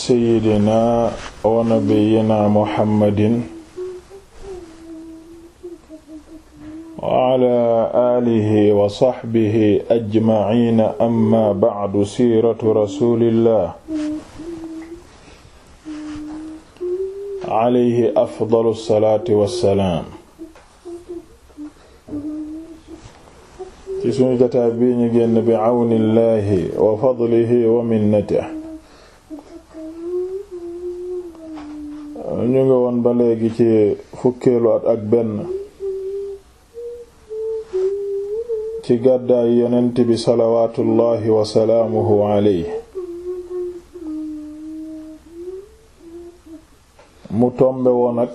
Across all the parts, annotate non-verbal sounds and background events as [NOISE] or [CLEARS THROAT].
seydina wa nabiyina muhammadin wa ala alihi wa saxbihi ajmaciina amma bacdu siiratu rasulillah alayhi afdalu salaati wassalaam ci sunu jotaay bi ñu génn bi cawnillahi wa fadlihi wa minnatihi ñu ngi woon ba léegi ci fukkeelu ak benn ci gàddaay yenent bi salawaatullaahi wa salaamuhu alayhi mu tombe woon ak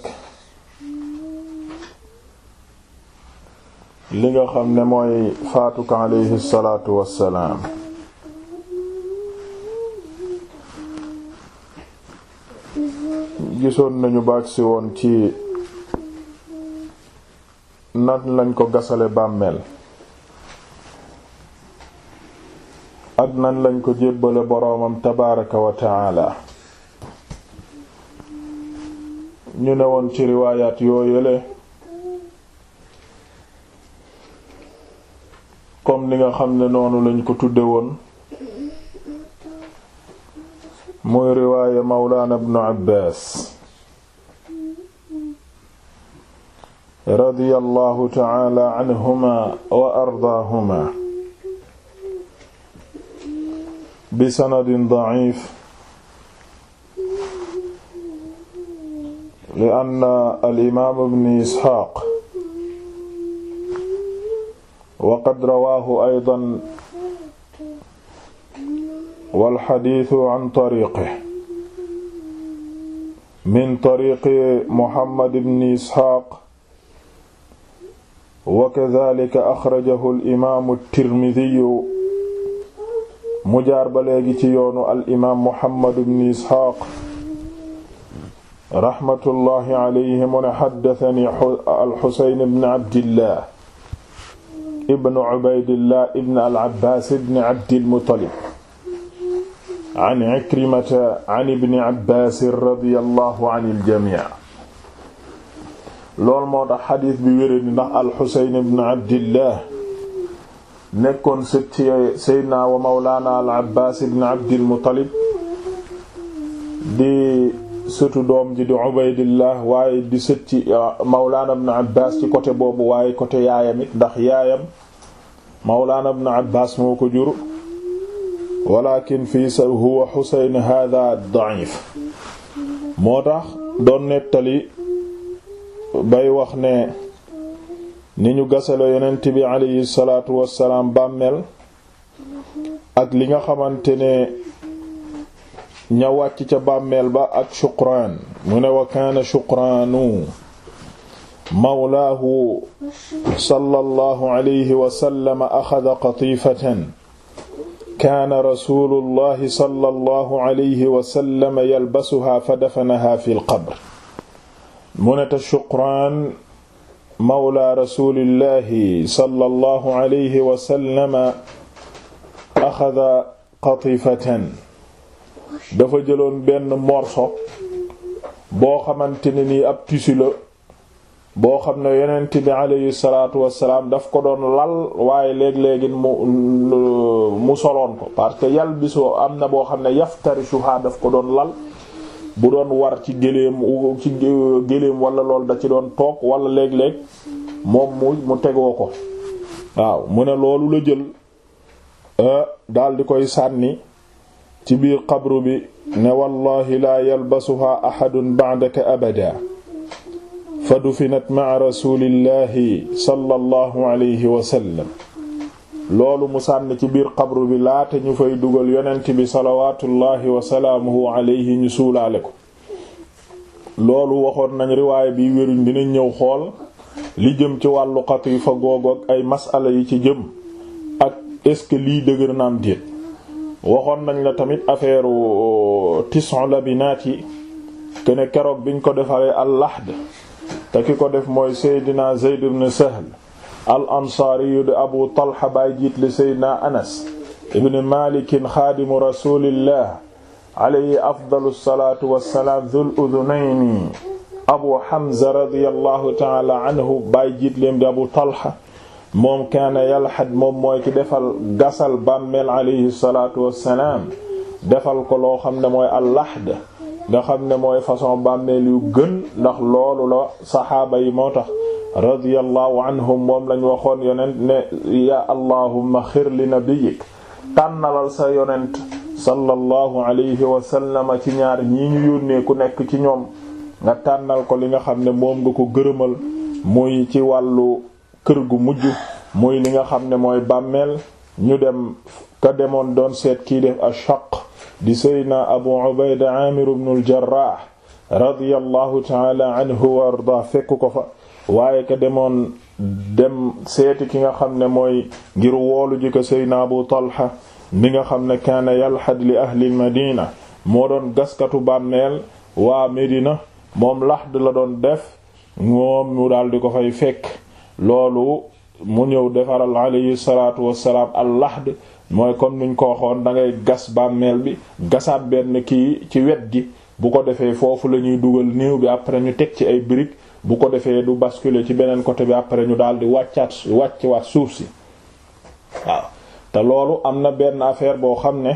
li nga xam ne mooy faatuk alayhi salaatu wassalaam gisoon nañu baag si woon ci nan lañ ko gasale bàmmeel ak nan lañ ko jébbale boroomam tabaaraka wa taala ñu ne woon ci riwaayaat yoo yële comme li nga xam ne noonu lañ ko tudde woon muy riwaaya mawlaana ibnu abbaas radiyallahu ta'ala anhuma wa ardaahuma bi sanadin da'if li anna al-imaam ibnu isxaaq wa qad rawaahu aydan walxadiisu an tariqi min tariqi Muhammad ibn Isxaaq wa kazaalika axrajahu al-imaamu Tirmiziyu mu jaar ba léegi ci yoonu al-imaam Muhammad ibn Isxaaq raxmatullahi alayhi mu ne xaddasani al-Xuseyn ibn Abdillah ibn Ubaydillah ibn al-Abbaas ibn Abdil Muttalib an Ikrimata an ibni Abbaas radiyallahu anil jamii loolu moo tax xadiis bi wéra di ndax al-Xuseyn ibn Abdillah nekkoon sët Seydina wa Mawlaana al-Abbaas ibn Abdil Muttalib di sëtu doom ji di Ubaydillah waaye di sët ci uh, Mawlaana ibn Abbaas ci côté boobu waaye côté yaayam it ndax yaayam Mawlaana ibn Abbaas moo ko jur walakin fii sa huwa xusayn hada daif moo tax doon nettali bay wax ne ni ñu gasale yonent bi alayhi salaatu ak li nga xamante ne ña wàcc ca bàmmeel ba ak shuqraan mu ne wa shuqraanu mawlaahu sallallahu alayhi wa sallam axada kaana rasuulullahi sallallahu alayhi wa sallam yalbasuhaa fa dafanahaa fil qabr munata Shuqraan mawla rasuulillahi sallallahu alayhi wa sallam axada qatifatan dafa jëloon benn morso boo xamante ne nii ab tissu la boo xam ne yonent bi alayhi salaatu wassalaam daf ko doon lal waaye léeg-léegin mu mu soloon ko parce que yal bisoo am na boo xam ne yaftarishuha daf ko doon lal bu doon war ci géléem ci géléem wala lool da ci doon toog wala léeg-léeg moom mu tegoo ko waaw mu ne loolu la jël euh, daal di koy sànni ci biir xabru bi ne wallahi la yalbasuha ahadun ba'daka abada fa dufinat ma'a rasulillahi sallallahu alayhi wa sallam loolu mu sànni ci biir xabru bi laata ñu fay dugal yonent bi salawaatullahi wa salaamuhu alayhi ñu suulaale ko loolu waxoon nañ riwaay bi wéruñ dinañ ñëw xool li jëm ci wàllu xatiifa fa ak ay masala yi ci jëm ak est ce lii dëgër naam déet waxoon nañ la tamit affaire tis'u labinaat yi kene keroog biñ ko defaree al te ki ko def mooy seydina zeyd ibn sahl al ansaariyu di abu talha baay jiit li seydina anas ibn malikin xaadimu rasulillah alayhi afdalu salaatu wassalaam dhul udunayni abu hamza radiyallahu taala anhu baay jiit lim di abu talha moom kaana yalxad moom mooy ki defal gasal bàmmeel alayhi salaatu wassalaam defal ko loo xam ne mooy al lahd nga xam ne mooy façon bàmmeel yu gën ndax loolu la saxaaba yi moo tax radiyallahu anhum moom lañ waxoon yonent ne ya allahumma xir li nabiyik tànnalal sa yonent sallallahu alayhi wa sallama ci ñaar ñii ñu yónnee ku nekk ci ñoom nga tànnal ko li nga xam ne moom nga ko gërëmal muy ci wàllu kër gu mujj muy li nga xam ne mooy bàmmeel ñu dem ka demoon doon seet kii def ashaq di seydna abu ubayda aamir ibn al-jarraah radiyallahu taala anhu wa arda fekk ko fa waaye ka demoon dem seeti ki nga xam ne mooy ngir woolu ji ko seydna abu talha mi nga xam ne kaana yalxad li ahli madina moo doon gaskatu bàmmeel waa Medina moom laxd la doon def moom mu daal ko fay fekk loolu mu ñëw defaral alayhi salaatu mooy kon nuñ ko waxoon dangay gas bàmmeel bi gasaat benn kii ci wet gi bu ko defee foofu la ñuy dugal néew bi après ñu teg ci ay briques bu ko defee du baskule ci beneen côté bi après ñu daal di wàccaat wàcc waat suuf si waaw te loolu am na benn affaire boo xam ne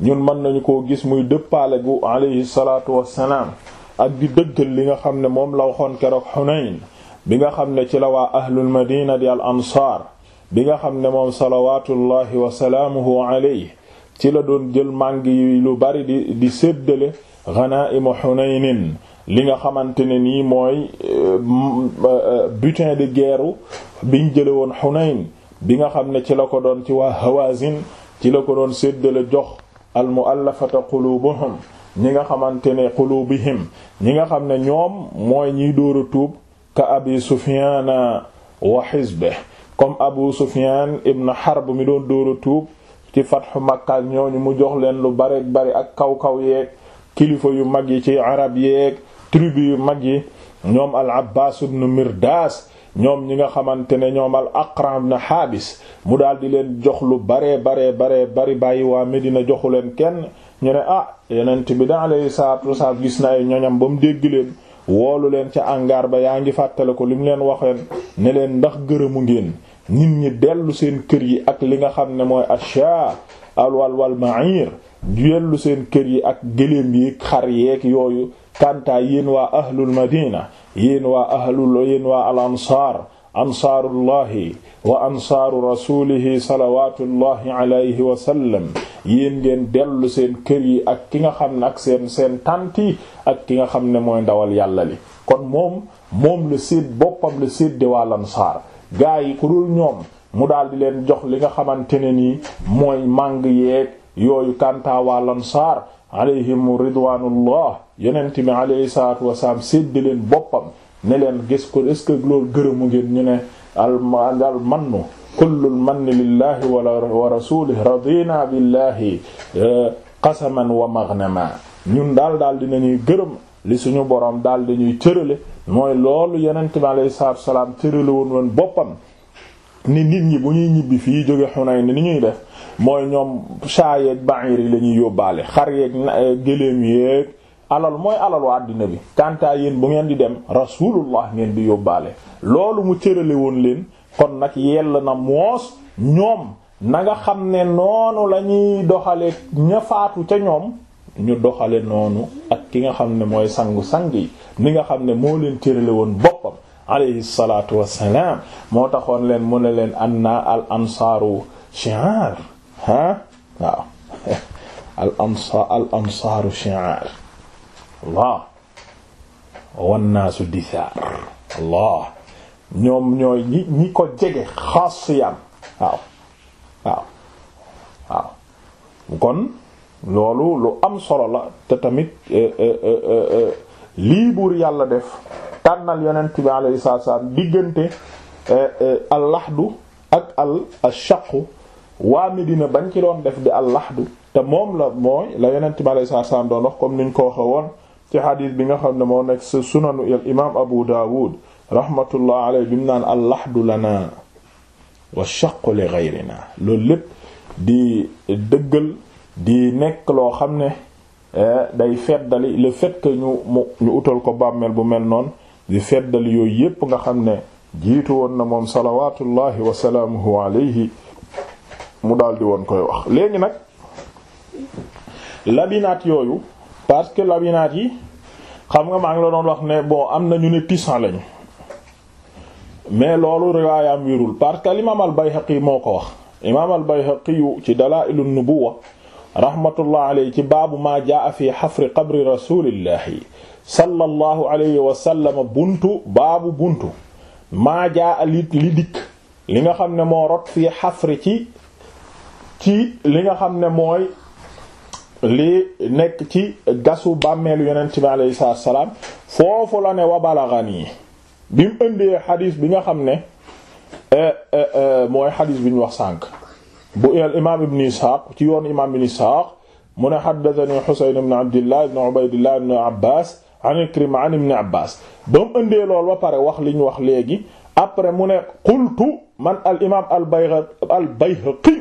ñun mën nañu ko gis muy dëppaale gu alayhi salaatu wassalaam ak di dëggal li nga xam ne moom la waxoon keroog Hunayn bi nga xam ne ci la waa ahlul madina di al ansaar bi nga xam ne moom salawaatullahi wa salaamuhu alayhi ci la doon jël màng lu bari di di séddale ghanaa'imu Hunaynin li nga xamante ne nii mooy euh, butin de guerre biñ jële woon Hunayn bi nga xam ne ci la ko doon ci waa Hawazin ci la ko doon séddale jox al mu'allafata qulubuhum ñi nga xamante ne qulubihim ñi nga xam ne ñoom mooy ñiy dóora tuub ka abi Sufyaana wa hizbihi comme Abu Sufyan ibn Harb mi doon dóora tuub ci fatxu Makka ñooñu mu jox leen lu bare bari ak kaw-kaw yeeg kilifa yu mag yi ci arab yeeg tribu yu mag yi ñoom al Abbas ibn Mirdas ñoom ñi nga xamante ne ñoom al Aqra ibn Habis mu daal di leen jox lu baree baree baree bari bàyyi waa Medina joxu leen kenn ñu ne ah yonent bi da alayhi salaatu wasalaam gis na ay ñoñam ba mu dégg leen woolu leen ca angaar ba yaa ngi fàttale ko li mu leen waxeen ne leen ndax gërëmu ngeen nit ñi dellu seen kër yi ak li nga xam ne mooy asha alwal wal ma'ir dellu seen kër yi ak gëléem yi xar yeeg yooyu kantaa yéen waa ahlul madina yéen waa ahlul yéen waa al ansaar ansaarullahi wa ansaaru rasulihi salawatullahi alayhi wa sallam yéen ngeen dellu seen kër yi ak ki nga xam ne ak seen seen tanti ak ki nga xam ne mooy ndawal yàlla li kon moom moom la sédd boppam la sédde waa lansaar gaa yi ku dul ñoom mu daal di leen jox li nga xamante ne nii mooy màng yeeg yooyu kanta waa lansaar alayhim ridwanullah yenente bi alayhi salatu wasalaam leen boppam ne leen gis ko est ce que loolu gërëmu ngeen ñu ne al al mannu kullul manni lillahi wa rasulihi radina billahi eh, qasaman wa maghnama ñun daal daal dinañuy gërëm li suñu boroom daal dañuy cërale mooy loolu yonent bi alayhi salaatu salaam tërale woon woon boppam ni nit ñi bu ñuy ñibbi fii jóge Hunayn ni ñuy def mooy ñoom chaayeeg ba'ir lañuy yóbbaale xar yeeg eh, gëléem yeeg alal mooy alalu àddina bi kantaa yéen bu ngeen di dem rasulullah ngeen di yóbbaale loolu mu tërale woon leen kon nag yell na moos ñoom na nga xam ne noonu la ñuy doxale ña faatu ca ñoom ñu doxale noonu ki nga xam ne mooy sangu-sang yi ni nga xam ne moo leen tërale woon boppam alayhi salaatu wassalaam moo taxoon leen mu ne leen anna al ansaaru shi'aar ah waaw [LAUGHS] al ansaar al ansaaru shi'aar allah ñoom ñooy ñi ñi ko jege xaasiyam waaw waaw waaw kon loolu lu am solo la te tamit eh, eh, eh, lii buur yàlla def tànnal yonent bi alayhi salaatu diggante al laxdu ak al shaqu waa Medina bañ ci doon def di al laxdu te moom la mooy la yonent bi alayhi salaatu doon wax comme niñ ko waxe woon ci xadiis bi nga xam ne moo nekk sa sunanu al imaam Abu Daawud rahmatullah alayhi bi mu naan al laxdu lana wa shaqu li gayrina loolu lépp di dëggal di nekk loo xam ne eh, day feddali le fait ñu utal ko bàmmeel bu mel noonu di feddali yooyu yépp nga xam ne jiitu woon na moom salawatullahi wa salaamuhu alayhi mu daldi woon koy wax léegi nag labinaat yooyu parce que labinaat yi xam nga maa ngi la doon wax ne bon am na ñu ne tisan lañu mais loolu riwaayam wirul parce que al imaam al moo ko wax imaam al Bayhaqi yu ci Dalaa'ilun Nubuwwa rahmatullah ci baabu maa jaa fi xafri qabri rasulillahi sallallahu alayhi wa sallam buntu baabu buntu maa jaa li li dikk li nga xam ne moo rot fii xafri ci ci li nga xam ne mooy li nekk ci gasu bàmmeelu yonent bi alayhi salaatu wa salaam foofu la ne wa balaghani bi mu ëndee xadiis bi nga xam ne eh, eh, eh, mooy xadiis bi ñu wax sànq. bu al imaam ibn Isxaaq ci yoon imaam ibn Isxaaq mu ne haddathanii Husayn ibn Abdillah ibn Ubaydillah ibn Abbaas an Ikrima an ibn Abbaas ba mu ëndee lool ba pare wax li ñu wax léegi après mu ne qultu man al imaam al Bayhaqi al Bayhaqi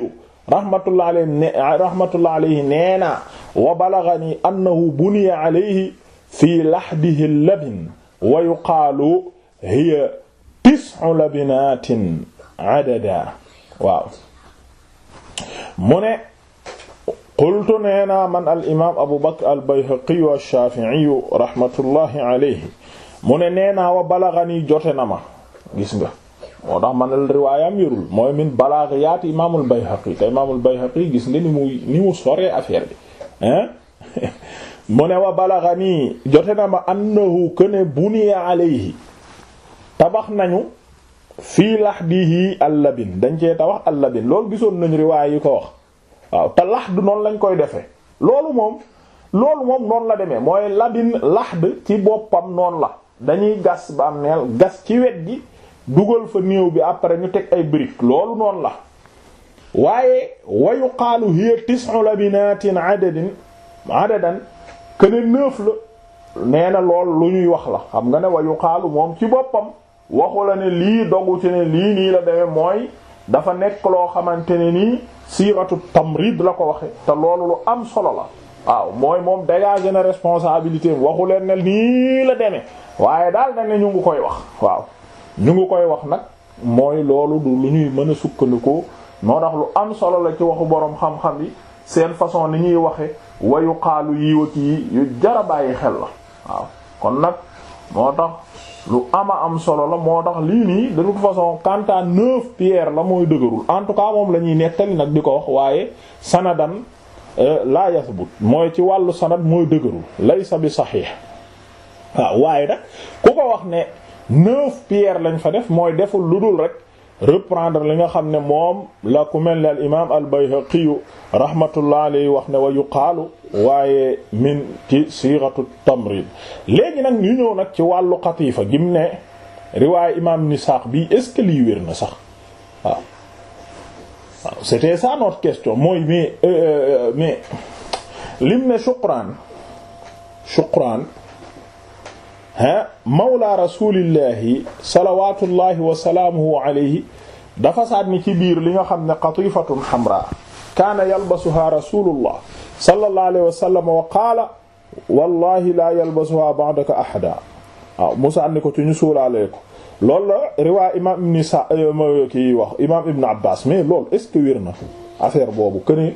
rahmatullah alayhi ne rahmatullah alayhi nee na wa balaghanii annahu buniya alayhi fii lahdihi labin wa yuqaalu hiya tis'u labinaatin adada waaw mu ne qultu nee naa man al imaam abu bakr al bayhaqiyu ash-shaafi'iyu rahmatullahi alayhi mu ne nee naa wa balagani jote na ma gis nga moo tax man al riwaayam yorul mooy min balaagiyaat imaamul bayhaqi te imaamul bayhaqi gis nga ni mu ni mu soree affaire bi hein [LAUGHS] mu ne wa balagani jote na ma annahu kana buniya alayhi tabax nañu fii lahdihi allabin dañ cee ta wax allabin loolu gisoon nañ riwaay yi ko wax waaw te lahd noonu lañ koy defee loolu moom loolu moom noonu la demee mooy labin lahd ci boppam noonu la dañuy gas ba am neel gas ci wet gi dugal fa néew bi après ñu teg ay briques loolu noonu la waaye wa xaalu hiya tis'u labinatin adadin adadan kene neuf la nee na lool lu ñuy wax la xam nga ne wayu yuqaalu moom ci boppam waxu la ne lii dogu ci ne lii nii la demee mooy dafa nekk loo xamante ne nii siratu tamrid la ko waxe te loolu lu am solo la waaw mooy moom dégager na responsabilité waxu leen ne nii la demee waaye daal dañ ne ñu ngi koy wax waaw ñu ngi koy wax nag mooy loolu lu ñuy mën a sukkandiku moo tax lu am solo la ci waxu boroom xam-xam yi seen façon ni ñuy waxe wayu xaalu yiwat yi yu jara bàyyi xel la waaw kon nag moo tax lu ama am solo la moo tax lii nii de façon quant à neuf la mooy dëgërul en tout cas moom la ñuy nettali nag di ko wax waaye sanadan euh, laa yasbut mooy ci wàllu sanad mooy dëgërul laysa bi saxiix waaw waaye nag ku ko wax ne neuf pierres lañ fa def mooy deful lu dul rek. reprendre li nga xam ne moom la ku mel ne al imaam al bayhaqiyu rahmatullah wax ne wa yuqaalu waaye min ci siiratu tamrid léegi nag ñu ñëw nag ci wàllu xatiifa gim ne riwaay imaam nisaq bi est-ce que lii wér na sax waaw waaw c'était ça question mooy mais euh, euh, mais lim ne ah mawla rasulillahi salawatullahi wa salaamuhu alayhi dafa saat ni ci biir li nga xam ne qatifatun hamra kaana yalbasuha rasulullah sallallahu alayhi wa sallam wa qaala wallahi la yalbasuha ba'daka ahada waaw musa ni ko ci ñu suulaale ko loolu la riwaa imam ibn sa kii wax imam ibn abbas mais loolu est ce que wér na affaire boobu que ni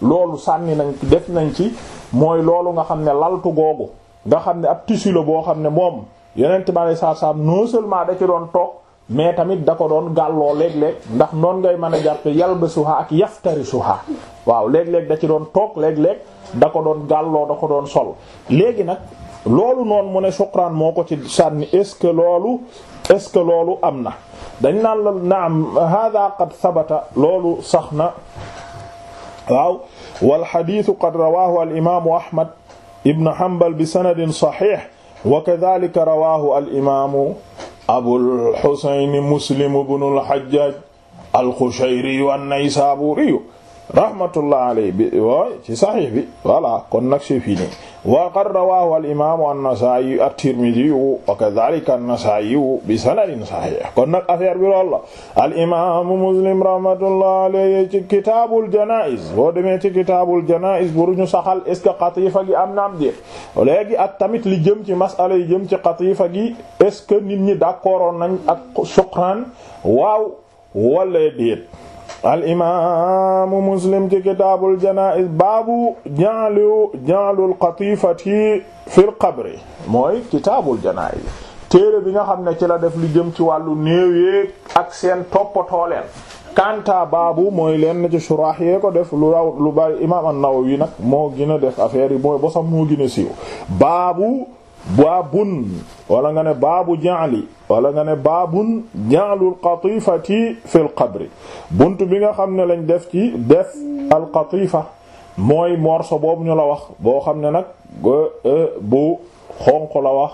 loolu sànni nañ def nañ ci mooy loolu nga xam ne laltu googu nga xam ne ab tissu la boo xam ne moom yeneen ma yi saabsaab non seulement da ci doon toog mais tamit da ko doon gàlloo léeg-léeg ndax noonu ngay mën a jàppe yalbasuha ak yaftarisuha waaw léeg-léeg da ci doon toog léeg-léeg da ko doon gàlloo da ko doon sol léegi nag loolu noon mu ne suqraan moo ko ci sànni est-ce que loolu est-ce que loolu am na dañ naan la naam hada qad sabata loolu sax na waaw wal hadith qad rawahu al ahmad ibn Hanbal bi sanadin saxiix wa kadaalika rawaahu al imaamu Abul Husayn Muslim ibnul Hajjaaj al-Qushayri an-Naysaabuuri rahmatullah alay bi wooy ci saxiix bi voilà kon nag c'est fini wa qad rawahu alimamu an-Nasaa'i at-Tirmidhi bi sanadin saxiix kon nag affaire bi loolu la alimamu Muslim rahmatullah alay ci kitaabul janaa'iz boo demee ci kitaabul janaa'iz buru ñu saxal est-ce que qatiifa gi am naam dée léegi ak tamit li jëm ci masala yi jëm ci qatiifa gi est-ce que nit ñi d'accordoon nañ ak suqraan waaw wala déet al imaamu muslim ci kitaabul janaa'iz baabu ja'lu ja'lul qatifati fil qabri mooy kitaabul janaa'iz téere bi nga xam ne ci la def lu jëm ci wàllu néew yeeg ak seen toppatoo leen kanta baabu mooy leen na ci surah yee ko def lu bari imaam an-Nawawi nag moo gën a def affaire yi mooy bosam moo si a baabu baabun wala nga ne baabu jaali wala nga ne baabun jaalul qatifati fil qabri bunt bi nga xam ne lañ def ci def al mooy morso boobu ñu la wax boo xam ne nag bu eh, xonq la wax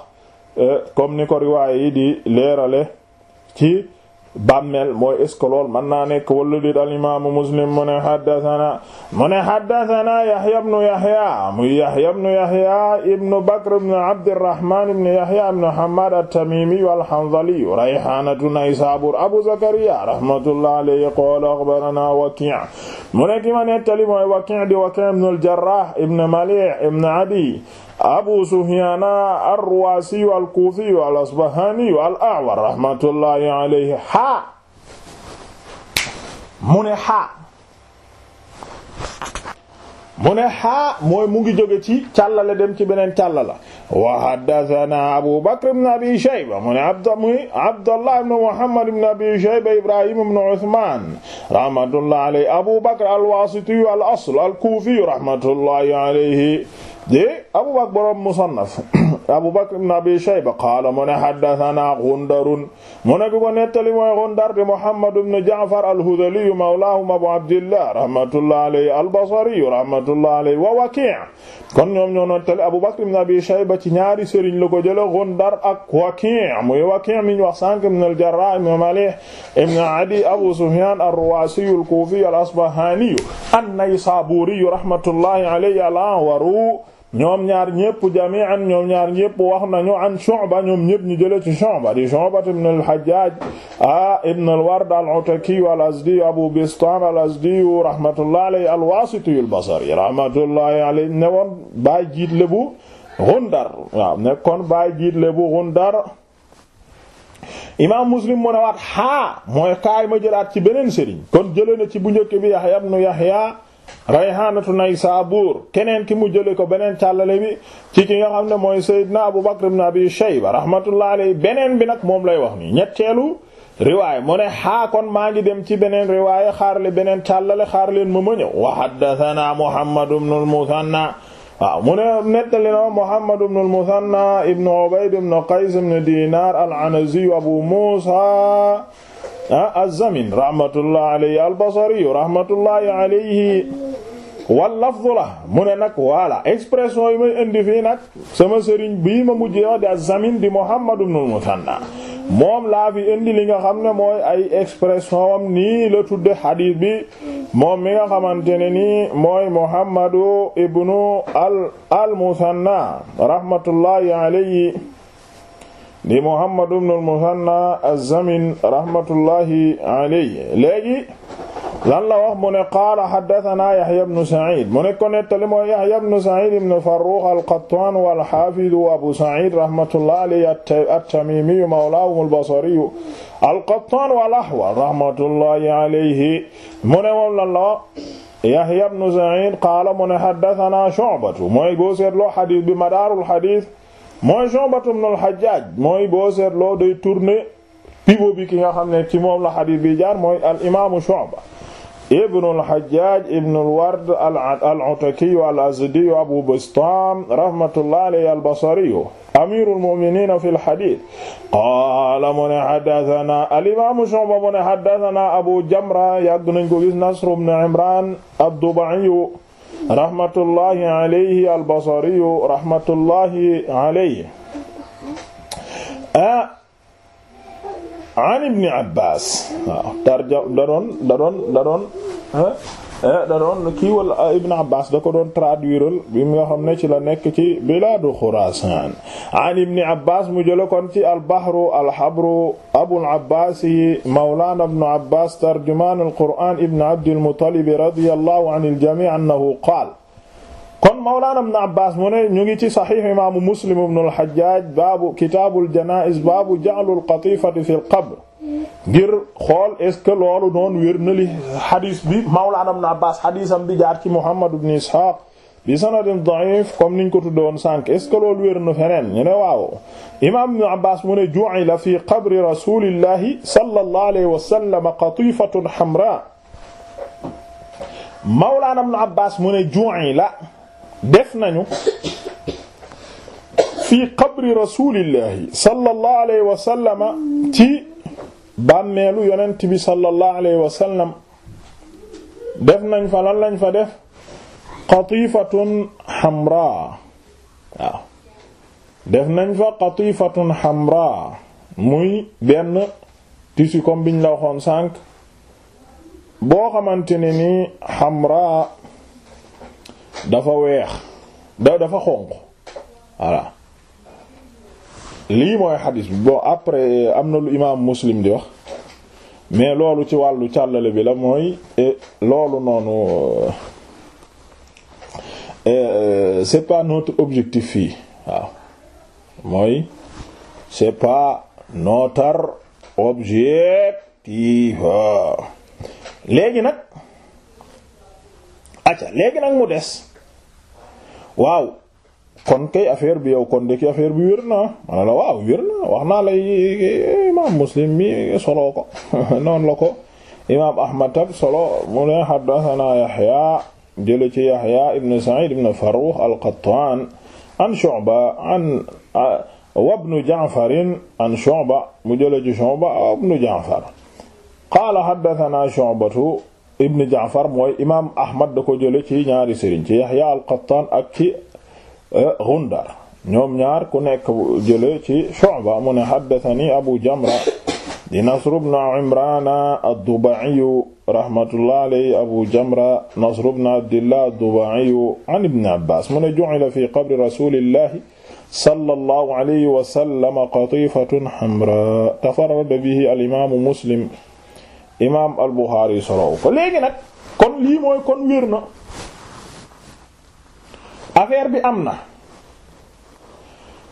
eh, comme ni ko riwaaya yi di leerale ci bàmmeel mooy est ce que lool mën naa nekk wala déet al imaamu muslim mu ne haddathana mu ne haddathana yahya ibnu yahya muy yahya ibnu yahya ibnu bakr ibnu abdirrahman ibnu yahya ibnu hamad at-tamimi al-hanzali rayhanatu naysabur abu zakariya rahmatullah alayhi qala akhbarana waki' mu ne ki ma nettali mooy waki' di waki' ibnu al-jarrah ibnu malih ibnu adi abu sufyan ar-ruwaasiyu al-kuufiyu al-asbahaaniyu al-a'war rahmatullahi alayhi xaa mu ne xaa mu ne xaa mooy mu ngi jóge ci càllale dem ci beneen càllala wa haddathana abu bakr ibn abi shayba mu ne abdullah ibn muhammad ibn abi shayba ibrahim ibn uthman rahmatullahi alayhi abu bakr al-waasitiyu al-asl al-kuufiyu rahmatullahi alayhi de Abu Bakr borom Musannaf [CLEARS THROAT] Abu Bakr ibn Abi Shayba qaala mu ne haddathana Ghundarun mu ne ki ko nettali mooy Ghundar di Muhammad ibn Ja'far al-Hudhali mawlaahum Abu Abdillah rahmatullahi alayhi al-Basri rahmatullahi alayhi wa Waki' kon ñoom ñoo nettali Abu Bakr ibn Abi Shayba ci ñaari sëriñ la ko jële Ghundar ak Waki' muy Waki' mi ñu wax sànq ibn al-Jarrah ibn Malih ibn Adi Abu Sufyan ar-Ruwasi al-Kufi al-Asbahani an-Naysaburi rahmatullahi alayhi al-Anwaru ñoom ñaar ñépp jami'an ñoom ñaar ñépp wax nañu an Shu'ba ñoom ñépp ñu jële ci Shu'ba di Shu'ba ibn al a ibn al-Ward al-Ataki al-Azdi Abu Bistam al-Azdi jiit le bu Ghundar imaam Muslim mu ne haa mooy kaay ma jëlaat ci beneen sëriñ kon jële na ci bu njëkk bi Yahya ibn Yahya rayhaanatu Naysaabuur keneen ki mu jële ko beneen càllale bi ci ki nga xam ne mooy Seydina Abu Bakr ibn Abi Shayba rahmatullah alayhi beneen bi nag moom lay wax ni ñetteelu riwaay mu ne xaa kon maa ngi dem ci beneen riwaay xaar li beneen càllale xaar leen ma ma ñëw wa haddathana Muhammad ibn al-Muthanna waaw mu ne nettali na Muhammad ibn al-Muthanna ibn Ubayd ibn Qays ibn Dinar al-Anazi Abu Musa ah az-Zamin rahmatullah alayhi al-Basri wal lafdu la mu ne nag voilà expression yi may indi fii nag sama sëriñ bii ma mujjee wax di az-Zamin di Muhammad ibn al moom laa fi li nga xam ne mooy ay expression am nii la tudde xadiis bi moom mi nga xamante ne nii mooy Muhammadu ibnu al al-Muthanna rahmatullahi alayhi di Muhammad ibn al-Musanna az-Zamin rahmatullahi alayhi léegi lan la wax mu ne qaala haddathana Yahya ibn Sa'id mu ne ko nettali mooy Yahya ibn Sa'id ibn Farrukh al-Qattan wal-Hafiz Abu Sa'id rahmatullahi alayhi at-Tamimi mawlahum al-Basri al-Qattan wal-Ahwal rahmatullahi alayhi mu ne moom lan la Yahya ibn Sa'id qaala mu ne haddathana Shu'batu mooy boo seetloo xadis bi madaarul xadis mooy Shu'batu ibn al-Hajjaj mooy boo seetloo day tourner pivot bi ki nga xam ne ci moom la xadiis bi jaar mooy al imaamu Shu'ba ibn al-Hajjaj ibn al-Ward al-Ataki al-Azdi Abu Bistam rahmatullahi alayhi al-Basri amirul mu'minin fi al-hadith qaala mu ne haddathana al-imam Shu'ba mu ne haddathana Abu Jamra yàgg nañ ko gis Nasr ibn Imran ad-Duba'i rahmatullahi alayhi al-Basri rahmatullahi alayhi ah an Ibn Abbas waaw tarja da doon da doon da doon Eh, da doon kiiwal eh, Ibn Abbas da ko doon traduire bi nga xam ne ci la nekk ci bilaadu Xuraasaan an Ibn Abbas mu jëla kon ci al-bahru al-habru Abul Abbas mawlaana Ibn Abbas tarjumaan al-Qur'aan Ibn Abdil Muttalib radiyallahu anil jamii' annahu qaala kon mawlaana Ibn Abbas mu ne ñu ngi ci saxiix imaamu Muslim ibn al-Hajjaaj baabu kitaabul janaa'iz baabu ja'lil qatiifati fil qabr ngir xool est-ce que loolu noonu wér na li xadiis bi mawlaana ibn Abbaas xadiisam bi jaar ci Muhammad ibn Isxaaq bi sanadin da'if comme niñ ko tudde woon sànq est-ce que loolu wér na feneen ñu ne waaw imaam ibn Abbaas mu ne ju'ila fi qabri rasuulillahi sallallahu alayhi wa sallam qatifatun hamraa mawlaana ibn Abbaas mu ne ju'ila def nañu fi qabri rasuulillahi sallallahu alayhi wa sallam ci bàmmeelu yonent bi sallallahu alayhi wa def nañ fa la lañ fa def qatifatun hamra waaw def nañ fa qatifatun hamra muy benn tissu comme biñ la waxoon sànq boo xamante ne ni hamra dafa weex da dafa xonq voilà lii mooy xadis bi bon après am na lu imaam muslim di wax mais loolu ci wàllu càllale bi la mooy loolu noonu euh, euh, c'est pas notre objectif fii waaw mooy c'est pas notre objectif léegi nag acca léegi nag mu des waaw kon kay affaire bi yow kon de ki affaire bi wér na ma la na wax naa la eh, eh, imaam muslim mi solo ko [LAUGHS] noonu la ko imaam ahmad solo mu ne haddathana yahya jële ci yahya ibn al-qattan an shu'ba wa ibn ja'far an shu'ba mu jële ci shu'ba ibn ja'far qaala haddathana shu'batu ibn ja'far mooy ñaari sëriñ ci yahya al-qattan ak Gundar eh, ñoom ñaar ku nekk jële ci Shu'ba mu ne haddathani Abu Jamra di Nasr ibn Imran ad-Duba'i rahmatullahi alayhi Abu Jamra Nasr ibn Abdillah ad-Duba'i an Ibn Abbas mu ne ju'ila fi qabri rasulillahi sallallahu alayhi wa sallam qatifatun hamra tafarrada bihi al-imaamu Muslim imaam al-Bukhari solow ko léegi nag kon lii mooy kon wér na affaire bi am na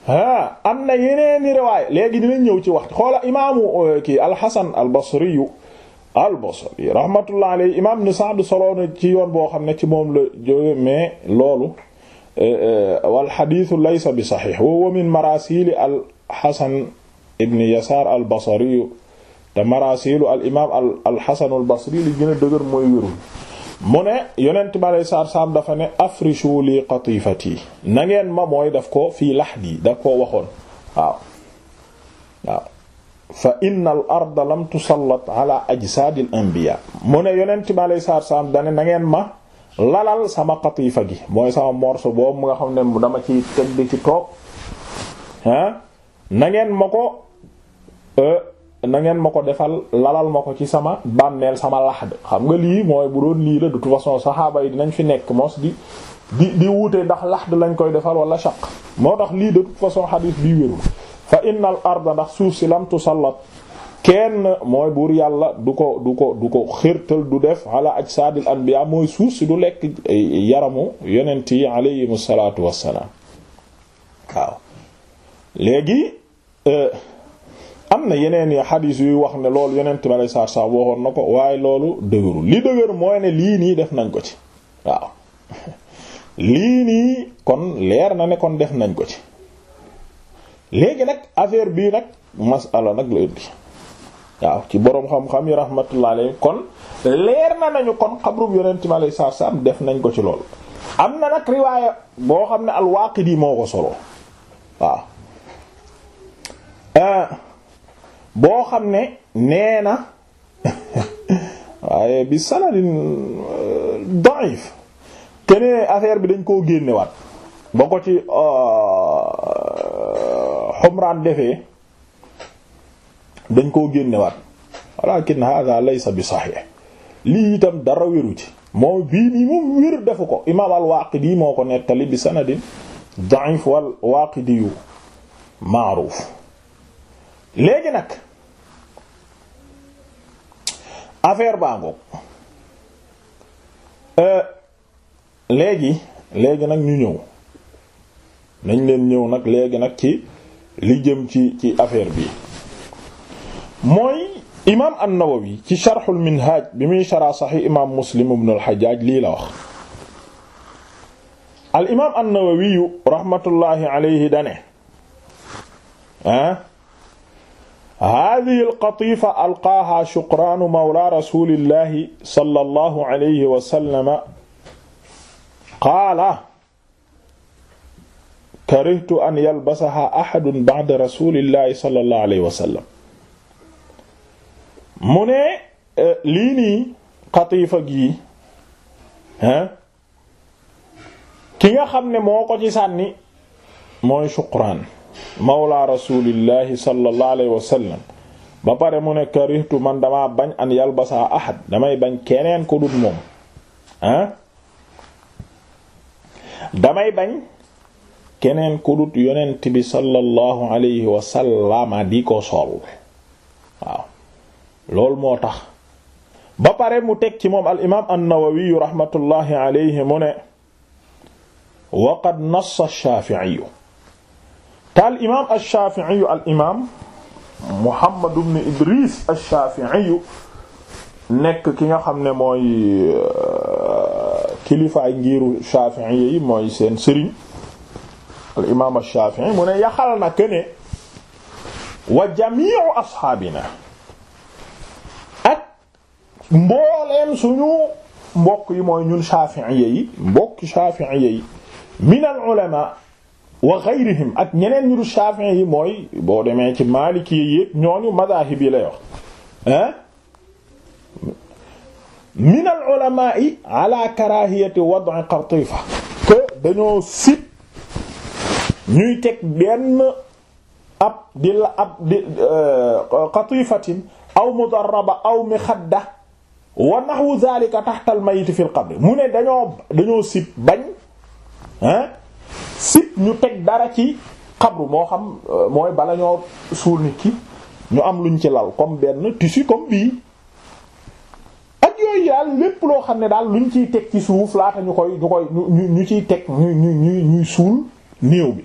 ah am na yeneen riwaay léegi dinañ ñëw ci wax xoola imaamu euh, kii alxasan albasriyu albasri rahmatullah alayhi imaam ni Sa'd soloo na ci yoon boo xam ne ci moom la jóge mais loolu euh, euh, wal xadiisu laysa bi saxiix wa huwa min marasiili alxasan ibn yasaar albasriyu te marasiilu al imaam alxasan albasri li gën a dëgër mooy wérul mu ne yonent bi alei saatu salaam dafa ne afrishu li qatifati nangeen ma mooy daf ko fii lahdi daf koo waxoon waaw waaw fa inna al arda lam tusallat ala ajsadil anbiya mu ne yonent bi alei saatu salaam dane na ngeen ma lalal sama qatifa gi mooy sama morso boobu mu nga xam ne dama ci tëdd ci toog ah ngeen ma ko euh, na ngeen ma ko defal lalal ma ko ci sama bàmmeel sama laxd xam nga lii mooy bu doon lii la de toute façon saxaaba yi dinañ fi nekk mos di di di wuute ndax laxd lañ koy defal wala shaq moo tax lii de toute façon xadiis bi wérul fa innal arda ndax suuf si lam tusallat kenn mooy buur yàlla du ko du ko du ko xirtal du def ala ajsaadil anbiya mooy suuf si du lekk yaramu yonent yi alayhimu salaatu wassalaam waaw léegi euh, am na yeneen i xadiis yuy wax ne loolu yeneen i tamit saa saa na ko waaye loolu dëgëru li dëgër mooy ne lii nii def nañ ko ci waaw [LAUGHS] lii nii kon leer na ne kon def nañ ko ci léegi nag affaire bii nag masala nag la indi ci boroom xam-xam yi rahmatullah kon leer na nañu kon xabrub yonent mi alayhi def nañ ko ci lool am na nag riwaaya boo xam ne al-Waaqidi moo ko solo waaw euh, boo xam ne nee na bi sanadin euh, da'if keneen affaire bi dañ koo génnewaat ba ko ci xumraan euh, defee dañ koo génnewaat walakin hadha laysa bi sahih lii itam dara wéru ci moom bii nii moom wér defu ko imaam al moo ko nettali bi sanadin da'if wal Waaqidiyu ma'ruf léegi nag affaire baa ngoog euh, léegi léegi nag ñu ñëw nañ leen ñëw nag léegi nag ci li jëm ci ci affaire bi mooy imaam an-Nawawi ci sharxul minhaj bi muy shara saxi imaam Muslim ibn al-Hajjaj lii la wax al imaam an-Nawawi rahmatullahi alayhi dane ah haadihi alqatifa alqaaha shuqraanu mawla rasulillahi sallallahu alayhi wa sallama qaala karihtu an yalbasaha ahadun ba'da rasulillahi sallallahu alayhi wa sallam mu ne eh, lii nii qatifa gii ki nga xam ne moo ko ci sànni mooy shuqraan mawla rasulillahi sallallahu alayhi wa sallam ba pare mu ne karihtu man damaa bañ an yalbasa ahad damay bañ keneen ko dut moom ah damay bañ keneen ko dut yonent bi sallallahu alayhi wa di ko sol waaw moo tax ba pare mu teg ci moom al imaam an-Nawawi rahmatullahi alayhi mu ne wa qad nassa ash-Shafi'i te al imaam ash-Shafi'i al imaam Muhammad ibn Idris ash-Shafi'i nekk ki nga xam ne mooy euh, kilifaay ngiru Shafi'i yi mooy seen sëriñ al imaam ash-Shafi'i mu ne yaxal na ke ne wa jamii'u asxaabina ak mbooleem suñu mbokk yi mooy ñun Shafi'i yi mbokki Shafi'i yi min al ulama wa ghayrihim ak ñeneen ñu du yi mooy boo demee ci Maliki yi ñooñu madahib yi lay wax ah min al ulama'i ala karahiyati wad'i qatifa que dañoo sit ñuy teg benn ab di la euh, aw mudarraba aw mixadda wa nahwu dhalika tahta al mayit mu ne dañoo dañoo sit sip ñu teg dara ci xabru moo xam euh, mooy bala ñoo suul nit ki ñu am luñ ci lal comme benn tissu comme bii ak yooyu daal lépp loo xam ne daal luñ ciy teg ci suuf laata ñu koy ñu koy ñu ñu ciy teg ñu ñu ñu ñuy suul néew bi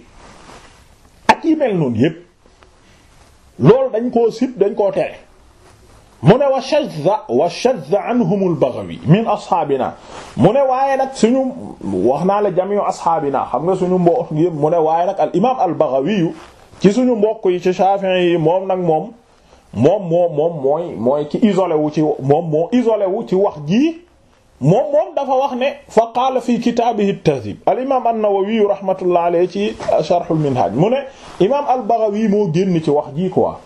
ak yi mel noonu yépp loolu dañ koo sit dañ koo tere mu ne wa shadda wa shadda anhum al-Baghawi min ashaabina mu ne waaye nag suñu wax naa la jamiu ashaabina xam nga suñu mbokk yi mu ne waaye nag al imaam al-Baghawi ci suñu mbokk yi ci Shafi'i yi moom nag moom moom moom moom mooy mooy ki isolé wu ci moom moo isolé wu ci wax jii moom moom dafa wax ne fa qaala fi kitaabihi at-Tahdhib al-imaam an-Nawawi rahmatullahi alayhi ci Sharh al-Minhaj mu ne imaam al-Baghawi moo génn ci wax jii quoi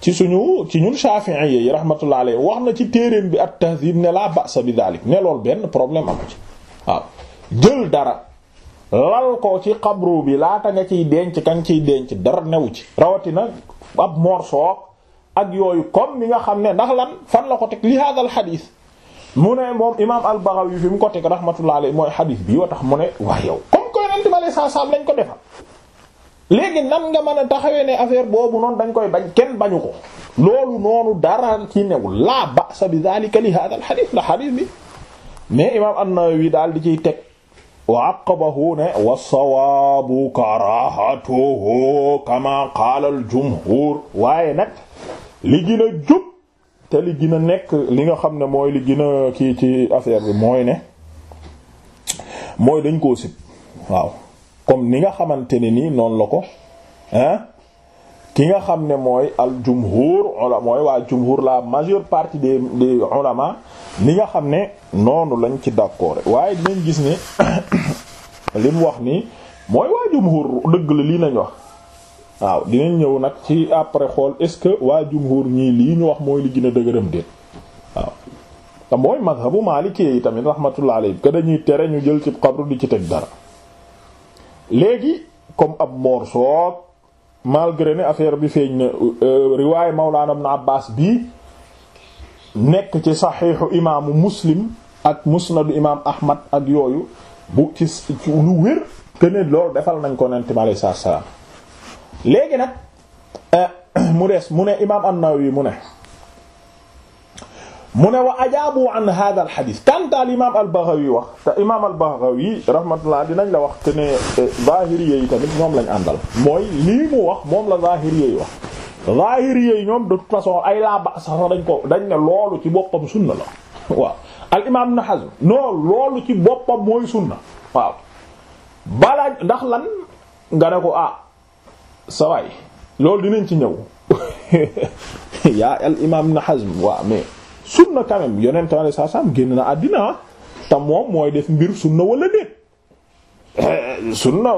ci suñu ci ñun Shafi'i yi rahmatullah alayhi wax na ci téereem bi at-Tahdhib ne la ba'sa bi dalik ne benn problème amu ci waaw dara ko ci xabru bi laata nga ciy denc ka nga ciy denc dara newu ci rawatina ab morceau ak yooyu comme mi nga xam ne ndax lan fan la ko teg li hada al hadith mu ne moom imaam al-Baghawi fi mu ko teg rahmatullah alayhi mooy hadith bi yoo tax mu ne waa yow comme que yonent bi sallallahu alayhi lañ ko defal léegi nan nga mën a taxawee ne affaire boobu noonu dañ koy bañ kenn bañu ko loolu noonu dara ci newul laa ba'sa bi dhalika li hadha al la hadith bi mais imam an-Nawawi daal di ciy teg wa aqabahu ne wa sawaabu karahatuhu kama qaala al jumhur waaye nag li gën a jub te li gën nekk li nga xam ne mooy li gën kii ci affaire bi mooy ne mooy dañ koo sib comme ni nga xamante ne nii noonu la ko ah ki nga xam ne mooy al jumhur wala mooy waa jumhur la majeure partie des des ulama ni nga xam ne noonu lañ ci d'accord waaye dinañ gis ne [COUGHS] li wax nii mooy waa jumhur dëgg la lii nañ wax waaw dinañ ñëw nag ci après xool est-ce que waa jumhur ñii lii ñu wax mooy li gën a dëgëram déet waaw te mooy mazhabu maalikee yi tamit rahmatullah alayhi que ñuy tere ñu jël ci xabru di ci teg dara léegi comme ab moor soog malgré ne affaire bi feeñ na euh, riwaay Mawlana Ibn Abbas bii nekk ci saxiixu imaamu muslim ak musnadu imaam Ahmad ak yooyu bu ci lu wér que ne loolu defal nañ ko nent bi alayhi salaam léegi nag euh, [COUGHS] mu des mu ne imaam An-Nawawi mu ne. mu ne wa ajaabu an hada al xadis kanta al imam al-Baghawi wax te imam al-Baghawi rahmatullah dinañ la wax te ne eh, zahiriyé yi tamit ñoom lañu àndal mooy lii wax moom la zahiriyé yi wax zahiriyé yi ñoom de toute façon ay laa ba sax dañ ko dañ ne loolu ci boppam sunna la waaw al imam Ibn Hazm non loolu ci boppam mooy sunna waaw bala ndax lan nga ne ko ah sawaay loolu dinañ ci ñëw [LAUGHS] yaa al imam Ibn Hazm waaw mais sunna quand même yonent alayhi salaam génn na àddina te moom mooy def mbir sunna wala déet eh, sunna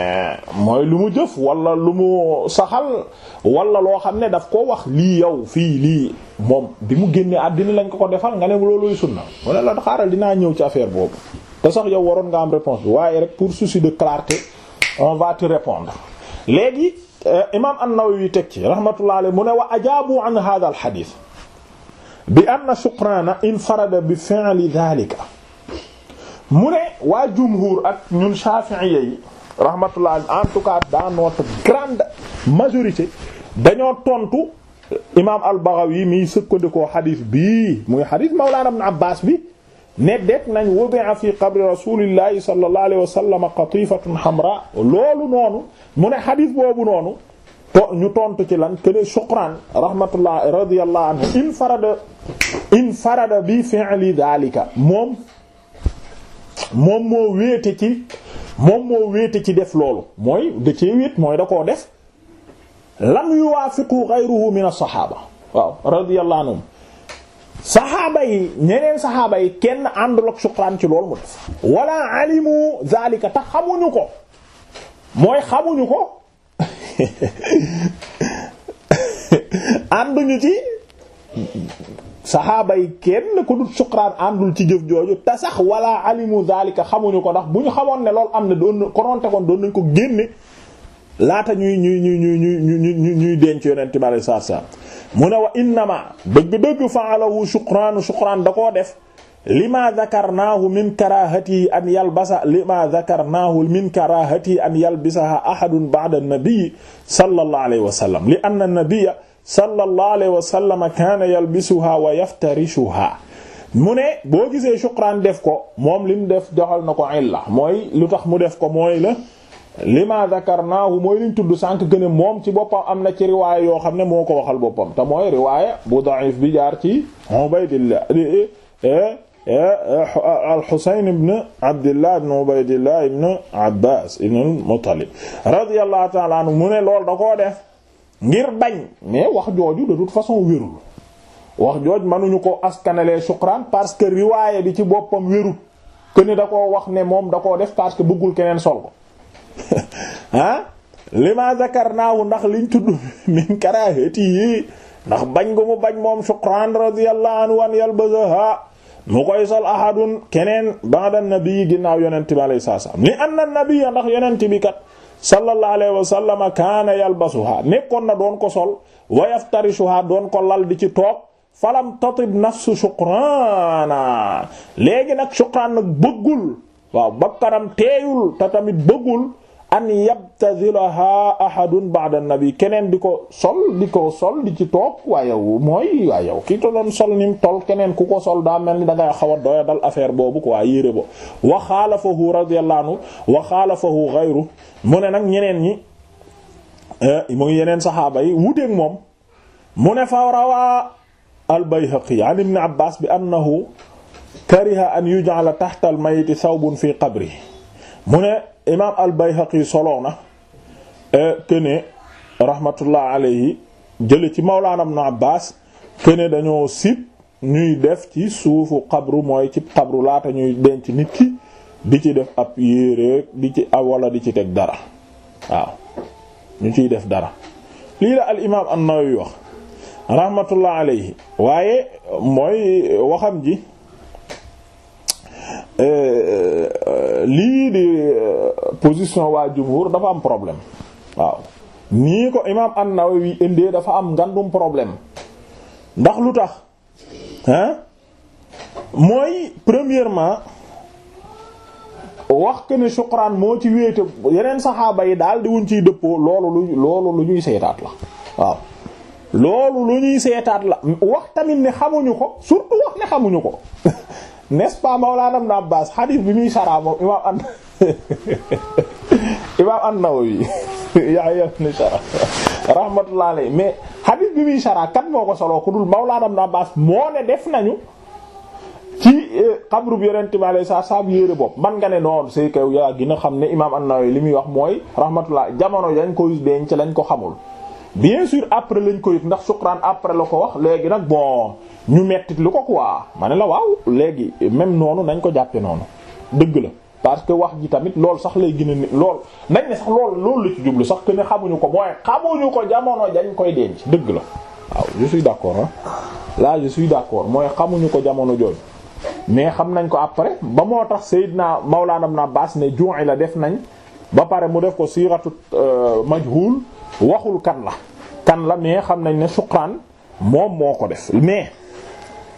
eh, mooy lu mu jëf wala lu mu saxal wala loo xam ne daf koo wax lii yow fii lii moom bi mu génnee àddina lañ ko ko defal nga ne looluy sunna wala la xaaral dinaa ñëw ci affaire boobu te sax yow waroon nga am réponse bi waaye rek pour souci de clarté on va te répondre léegi eh, imam an teg ci rahmatullah alayhi mu ne wa ajaabu an hadha al bi anna suqraana infarada bi fi'li dhalika mu ne waa jumhur ak ñun shafi'iyya yi rahmatullah en tout cas dans notre majorité dañoo tontu imaam al-Baghawi miy sëkkandikoo xadis bii muy xadis mawlaana ibn Abbaas bi ne det nañ wudi'a fi qabri rasulillahi sallallahu alayhi wa sallam qatifatun hamra loolu noonu mu ne xadis boobu noonu to ñu tontu ci lan kene suqraan rahmatullah radiyallahu anhu infarada bi fi'li daalika moom moom moo wéete ci def loolu mooy da cee wéet mooy da koo def lam yuwaafiqu ghayruhu min as-sahaaba waaw radiyallahu anhum saxaaba yi ñeneen saxaaba yi kenn àndul ak suqraan ci loolu mu def wala alimu zalika tax xamuñu ko mooy xamuñu ko [LAUGHS] ànduñu ci saxaaba yi kenn ku dul suqraan àndul ci jëf jooju te sax wala alimu zalika xamuñu ko ndax bu xamoon ne loolu am na doon konoonte kon doon nañ ko génne laata ñuy ñuy ñuy ñuy ñuy ñuy ñuy denc salaam mu ne wa innama dëgg-dëgg fa'alahu suqraanu suqraan da koo def lima dhakarnaahu min karahatihi an yalbasa lima dhakarnaahu min karahatihi an yalbisaha ahadun ba'da an-nabi sallallahu alayhi wa sallam li anna an sallallahu alayhi wa sallam kaana yalbisuha wa yaftarishuha mu ne boo gisee shukran def ko moom li mu def joxal na ko illa mooy lu tax mu def ko mooy la lima zakarnaahu mooy liñ tudd sànq gën a moom ci boppam am na ci riwaaya yoo xam ne moo ko waxal boppam te mooy riwaaya bu da'if bi jaar ci Ubaydillah eh, eh, eh, al-Husayn ibn Abdillah ibn Ubaydillah ibn Abbas ibn al-Muttalib radiyallahu ta'ala anhu mu ne loolu da koo def ngir bañ mais wax jooju de toute façon wérul wax jooj mënuñu ko askanalee suqraan parce que riwaaye bi ci boppam wérut que ni da ko wax ne moom da koo def parce que bëggul keneen sol ko ah [LAUGHS] lima zakarnaahu ndax liñ tudd [LAUGHS] min karahati yi ndax bañ ngu mu bañ moom suqraan radiyallahu anhu an yalbasaha mu koy sol ahadun keneen ba'da nabi ginnaaw yonent bi alayhi salaam li anna nabiyya ndax yonent bi kat sallallahu alayhi wa sallama kaana yalbasuha nekkoon na doon ko sol wa yaftarishuha doon ko lal di ci toog falam tatib nafsu shukraana léegi nag shukraan nag bëggul waaw bakkaram teeyul te tamit bëggul an yabtazilaha ahadun ba'da nabi keneen di ko sol di ko sol di ci toog waa yow mooy waa yow kii doon sol ni mu tol keneen ku ko sol daa mel ni da ngay xaw a doya dal affaire boobu quoi yére bo wa xaalafahu radiyallahu anhu wa xaalafahu ghayru mu ne nag ñeneen ñi eh, mu ngi yeneen saxaaba yi wuteeg moom mu ne fa rawaa al-Bayhaqi an ibn Abbas bi annahu kariha an yuj'ala tahta al-mayyit thawbun fi qabri mu ne imaam al-Bayhaqi solo na këne e, rahmatullah alayhi jële ci mawlaana ibn Abbaas këne dañoo sib ñuy def ci suufu xabru mooy ci xabru laata ñuy denc nit ki di ci def ab yéeréeg di ci a ah, wala di ci teg dara waaw ñu ciy def dara lii la al imaam an-Nawawi alayhi waaye mooy waxam ji Euh, lii di euh, position waa jumhur dafa am problème waaw nii ko imaam an-Nawawi indee dafa am ngandum problème ndax lu tax hein mooy premièrement wax que ne suqraan moo ci wéete yeneen saxaaba yi daal di wuñ ciy dëppoo loolu lu loolu lu ñuy seetaat la waaw loolu lu ñuy seetaat la wax tamit ne xamuñu ko surtout wax ne xamuñu ko [LAUGHS] n'est-ce pas Mawlana Ibn Abbas xadiis bi muy saraa moom imaam an [LAUGHS] imaam an-Nawawi [LAUGHS] Yahya ibn Sharaf rahmatullah alayhi mais xadiis bi muy saraa kat moo ko soloo ku dul Mawlana Ibn Abbas moo ne def nañu ci eh, xabru bi yonente bi alayhi salaam yéere bopp man nga ne noonu c'est que yaa gën xam ne imaam an-Nawawi li muy wax mooy rahmatullah jamono yañ koy denc lañ ko xamul bien sûr après lañ ko yëg ndax suqraan après la ko wax léegi nag bon ñu mettit lu ko ko waa ma ne la waaw léegi même noonu nañ ko jàppe noonu dëgg la parce que wax ji tamit loolu sax lay gën a ni lool nañ ne sax lool loolu la ci jublu sax que xamuñu ko mooy xamuñu ko jamono dañ koy denc dëgg la waaw je suis d'accord ah là je suis d'accord mooy xamuñu ko jamono jooju mais xam nañ ko après ba moo tax Seydina Mawlana Ibn baas ne ju'i la def nañ ba pare mu def ko siiratu euh, majhul waxul kan la kan la mais xam nañ ne suqraan moom moo ko def mais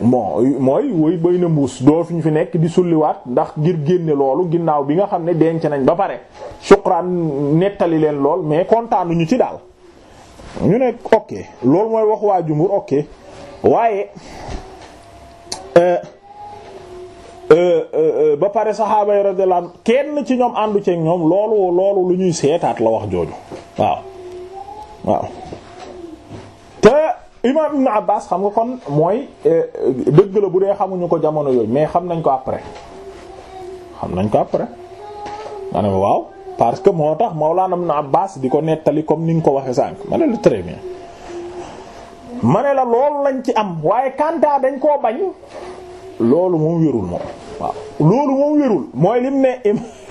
bon mooy bëy na mbuus doo fi ñu fi nekk di sulliwaat ndax ngir génne loolu ginnaaw bi nga xam ne denc nañ ba pare suqraan nettali leen lool mais kontaanuñu ci daal ñu ne ok loolu mooy wax waa jumhur ok waaye euh, euh, euh, ba pare saxaaba yi radiyallahu anhum kenn ci ñoom àndu ceeg ñoom loolu loolu lu ñuy seetaat la wax jooju waaw waaw te imam ibn abbas xam nga kon mooy eh, dëgg la bu dee xamuñu ko jamono yooyu mais xam nañ ko après xam nañ ko après ma ne waaw parce que moo tax laa mawlana ibn abbas di ko nettali comme ni nga ko waxe sànq ma ne la très bien ma ne la loolu lañ ci am waaye kanta dañ koo bañ loolu moom wérul moom waaw loolu moom wérul mooy lim ne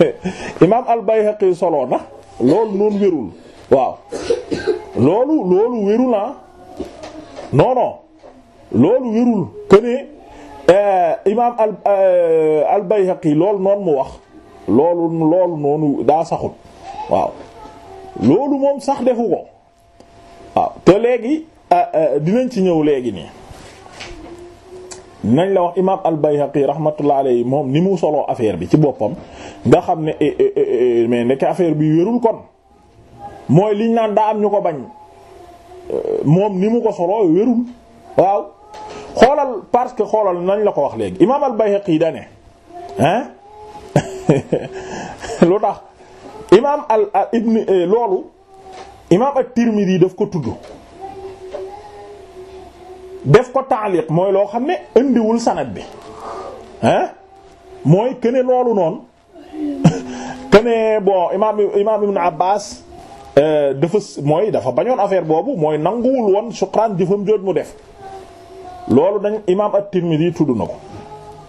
[LAUGHS] imam al-Bayhaqi solo na loolu noonu wérul waaw loolu loolu wérul ah non non loolu wérul que ne euh, imaam al euh, al loolu noonu mu wax loolu loolu noonu daa saxul waaw loolu moom sax defu ko waaw te léegi euh, dinañ ci ñëw léegi nii dinañ la wax imaam al Bayhaqi rahmatullah alayhi moom ni mu soloo affaire bi ci boppam nga xam ne eh, eh, eh, mais nekk affaire bi wérul kon mooy liñ naan daa am ñu ko bañ. moom ni mu ko soloo wérul waaw xoolal parce que xoolal nañ la ko wax léegi imaam al-Bayhaqi yi dane hein [LAUGHS] lu tax imaam al ibn eh, loolu imaam at-Tirmidhi yi daf ko tudd def ko taaliq mooy loo xam ne indiwul sanad bi hein mooy kene loolu noonu [LAUGHS] kene bon imaam imaam ibn Euh, dafa mooy dafa bañoon affaire boobu mooy nanguwul woon suqraan jëfam jooj mu def loolu dañ imaam at-Tirmidhi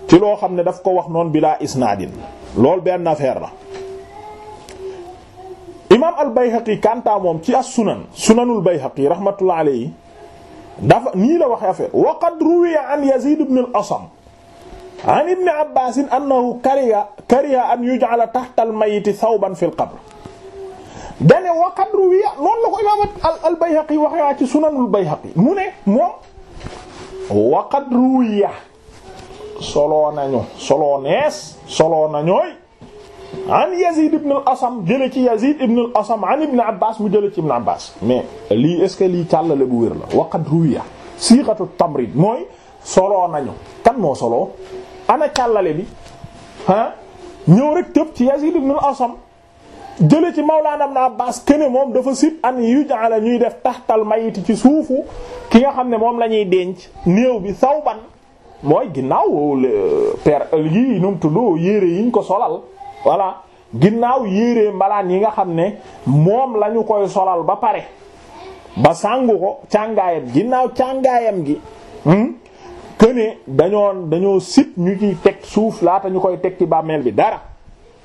ci loo xam ne daf ko wax noonu bilaa isnaadin lool benn affaire la imaam al-Bayhaqi kanta moom ci as-sunan sunanul Bayhaqi rahmatullah alayhi dafa nii la wax affaire wa qad ruwiya an Yazid ibn al-Asam an ibn Abbas annahu kariha kariha an yuj'ala tahta al-mayyit thawban dane wa qad ruwiya noonu la ko imaam al Bayhaqi waxee ci sunanul Bayhaqi mu ne moom wa qad ruwiya soloo nañu soloo nees soloo nañooy an Yazid ibn al Asam jële ci Yazid ibn al Asam an ibn Abbas mu jële ci ibn Abbas mais lii est ce que lii càllale bu wér la wa qad ruwiya siixatu tamrid mooy soloo nañu kan moo soloo ana càllale bi ah ñëw rek tëb ci Yazid ibn al Asam jële ci Mawlaana Ibn Abbaas kene moom dafa sib an yuj'ala ñuy def taxtal mayiti ci suufu ki nga xam ne moom la ñuy denc néew bi sawban mooy ginnaaw euh, per euh, yi num tudd yére yiñ ko solal voilà ginnaaw yére mbalaan yi nga xam ne moom lañu koy solal ba pare ba sàngu ko càngaayam ginnaaw càngaayam gi hmm? këne dañoo dañoo sib ñu ciy teg suuf laata ñu koy teg ci bàmmeel bi dara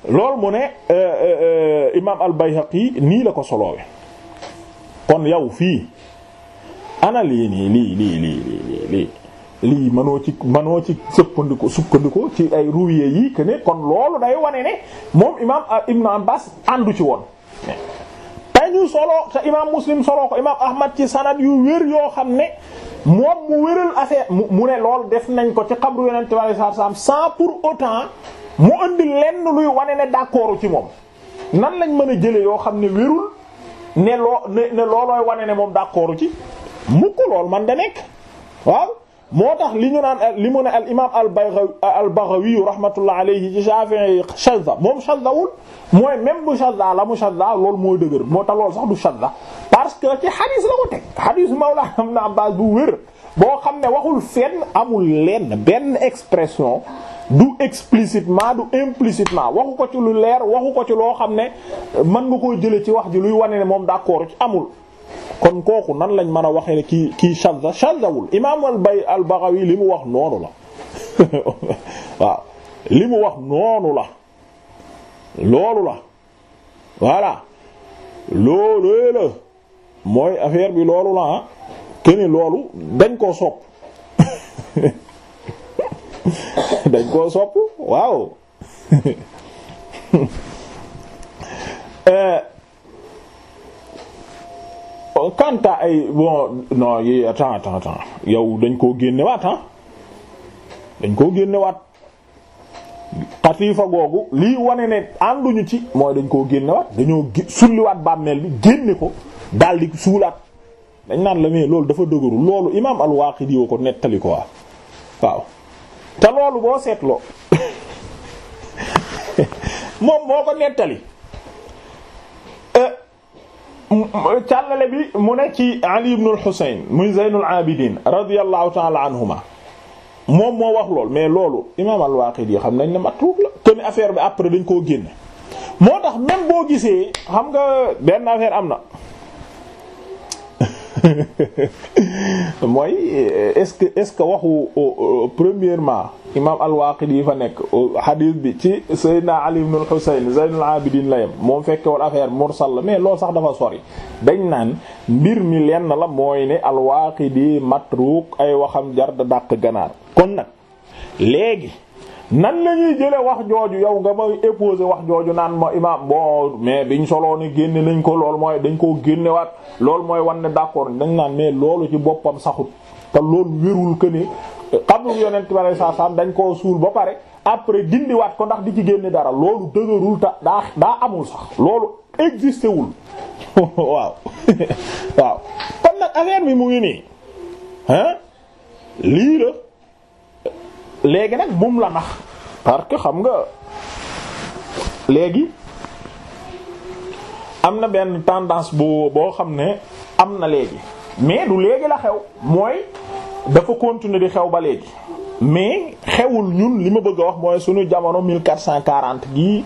loolu mu ne euh, euh, euh, imaam al-Bayhaqi nii la ko soloowe kon yow fii ana lii nii lii lii lii lii mënoo ci mënoo ci sëppandiku sukkandiku ci ay ruwiye yi que ne kon loolu day wane ne moom imaam Ibn Abbas àndu ci woon te ñu solo te imaam Muslim solo ko imaam Ahmad ci sanad yu wér yoo xam ne moom mu wéral affaire mu ne lool def nañ ko ci xabru Yonent ta sallallahu alayhi wasallam sans pour autant mu indi lenn luy wane ne d'accord ci moom nan lañ mën a jële yoo xam ne wérul ne loo ne loolooy wane ne moom d'accord ci mu mukk lool man da nekk waaw moo tax li ñu naan li mu ne al imaam al Baghawi al Baghawi rahmatullah alayhi ci Shafi'i shadda moom shaddawul mooy même bu shadda la mu shadda loolu mooy dëgër moo tax loolu sax du shadda parce que ci hadis la ko teg hadis Mawla Ibn Abbas bu wér boo xam ne waxul fenn amul lenn benn expression du explicitement du implicitement waxu ko ci lu leer waxu ko ci loo xam ne mën nga ko jële ci wax ji luy wane ne moom d'accord ci amul kon kooku nan lañ mën a waxee ne kii kii shadda shaddawul imaam al bay al Baghawi li mu wax noonu la [LAUGHS] waaw mu wax noonu la loolu la voilà loolu mooy affaire bi loolu la ah loolu dañ koo sopp [LAUGHS] dañ koo sopp waaw eh, kanta ay bon non yi attends attends attends yow dañ koo génne waat ah? dañ koo génne waat xatiifa googu lii wane ne ànduñu ci mooy dañ koo génne waat dañoo sulliwaat bàmmeel bi génne ko daldi suulaat dañ naan la mais loolu dafa dëgëru loolu imaam al-Waaqidi ko nettali ko waaw te loolu boo seetloo [LAUGHS] moom moo ko nettali euh, càllale bi mu ne ci Ali ibn al-Husayn muy Zaynul Abidin radiyallahu ta'ala anhuma moom moo wax lool mais loolu imaam al-Waqidi xam nañ ne matruuk la affaire bi après dañ koo génne moo tax même boo gisee xam nga benn affaire am na [LAUGHS] mooy est-ce que est-ce que waxu euh, euh, premièrement imaam al-Waaqidi yi fa nekk euh, xadiis bi ci Seydina Ali ibn al-Husayn Zayn al-Abidin la yem moom fekke woon affaire mursal la mais loolu sax dafa sori dañ naan mbir mi lenn la mooy ne al-Waaqidi ay waxam jar da dàq ganaar kon nag léegi nan la ñuy jële wax jooju yow nga may épose wax jooju naan ma ma bon mais biñ soloo ni génne nañ ko lool mooy dañ koo génnewaat loolu mooy wan ne d'accord dañ naan mais loolu ci boppam saxut te loolu wérul que ni xamul yonent bi alayhi salaam dañ koo suul ba pare après dindiwaat ko ndax di ci génne dara loolu dëgërul ta daa daa amul sax loolu existé wul [LAUGHS] waaw [LAUGHS] waaw kon nag affaire bi mu ngi nii hein lii la léegi nag bum la nax parce que xam nga léegi am na benn tendance bu boo xam ne am na léegi mais du léegi la xew mooy dafa continuer di xew ba léegi mais xewul ñun li ma bëgg a wax mooy suñu jamono 1440 gii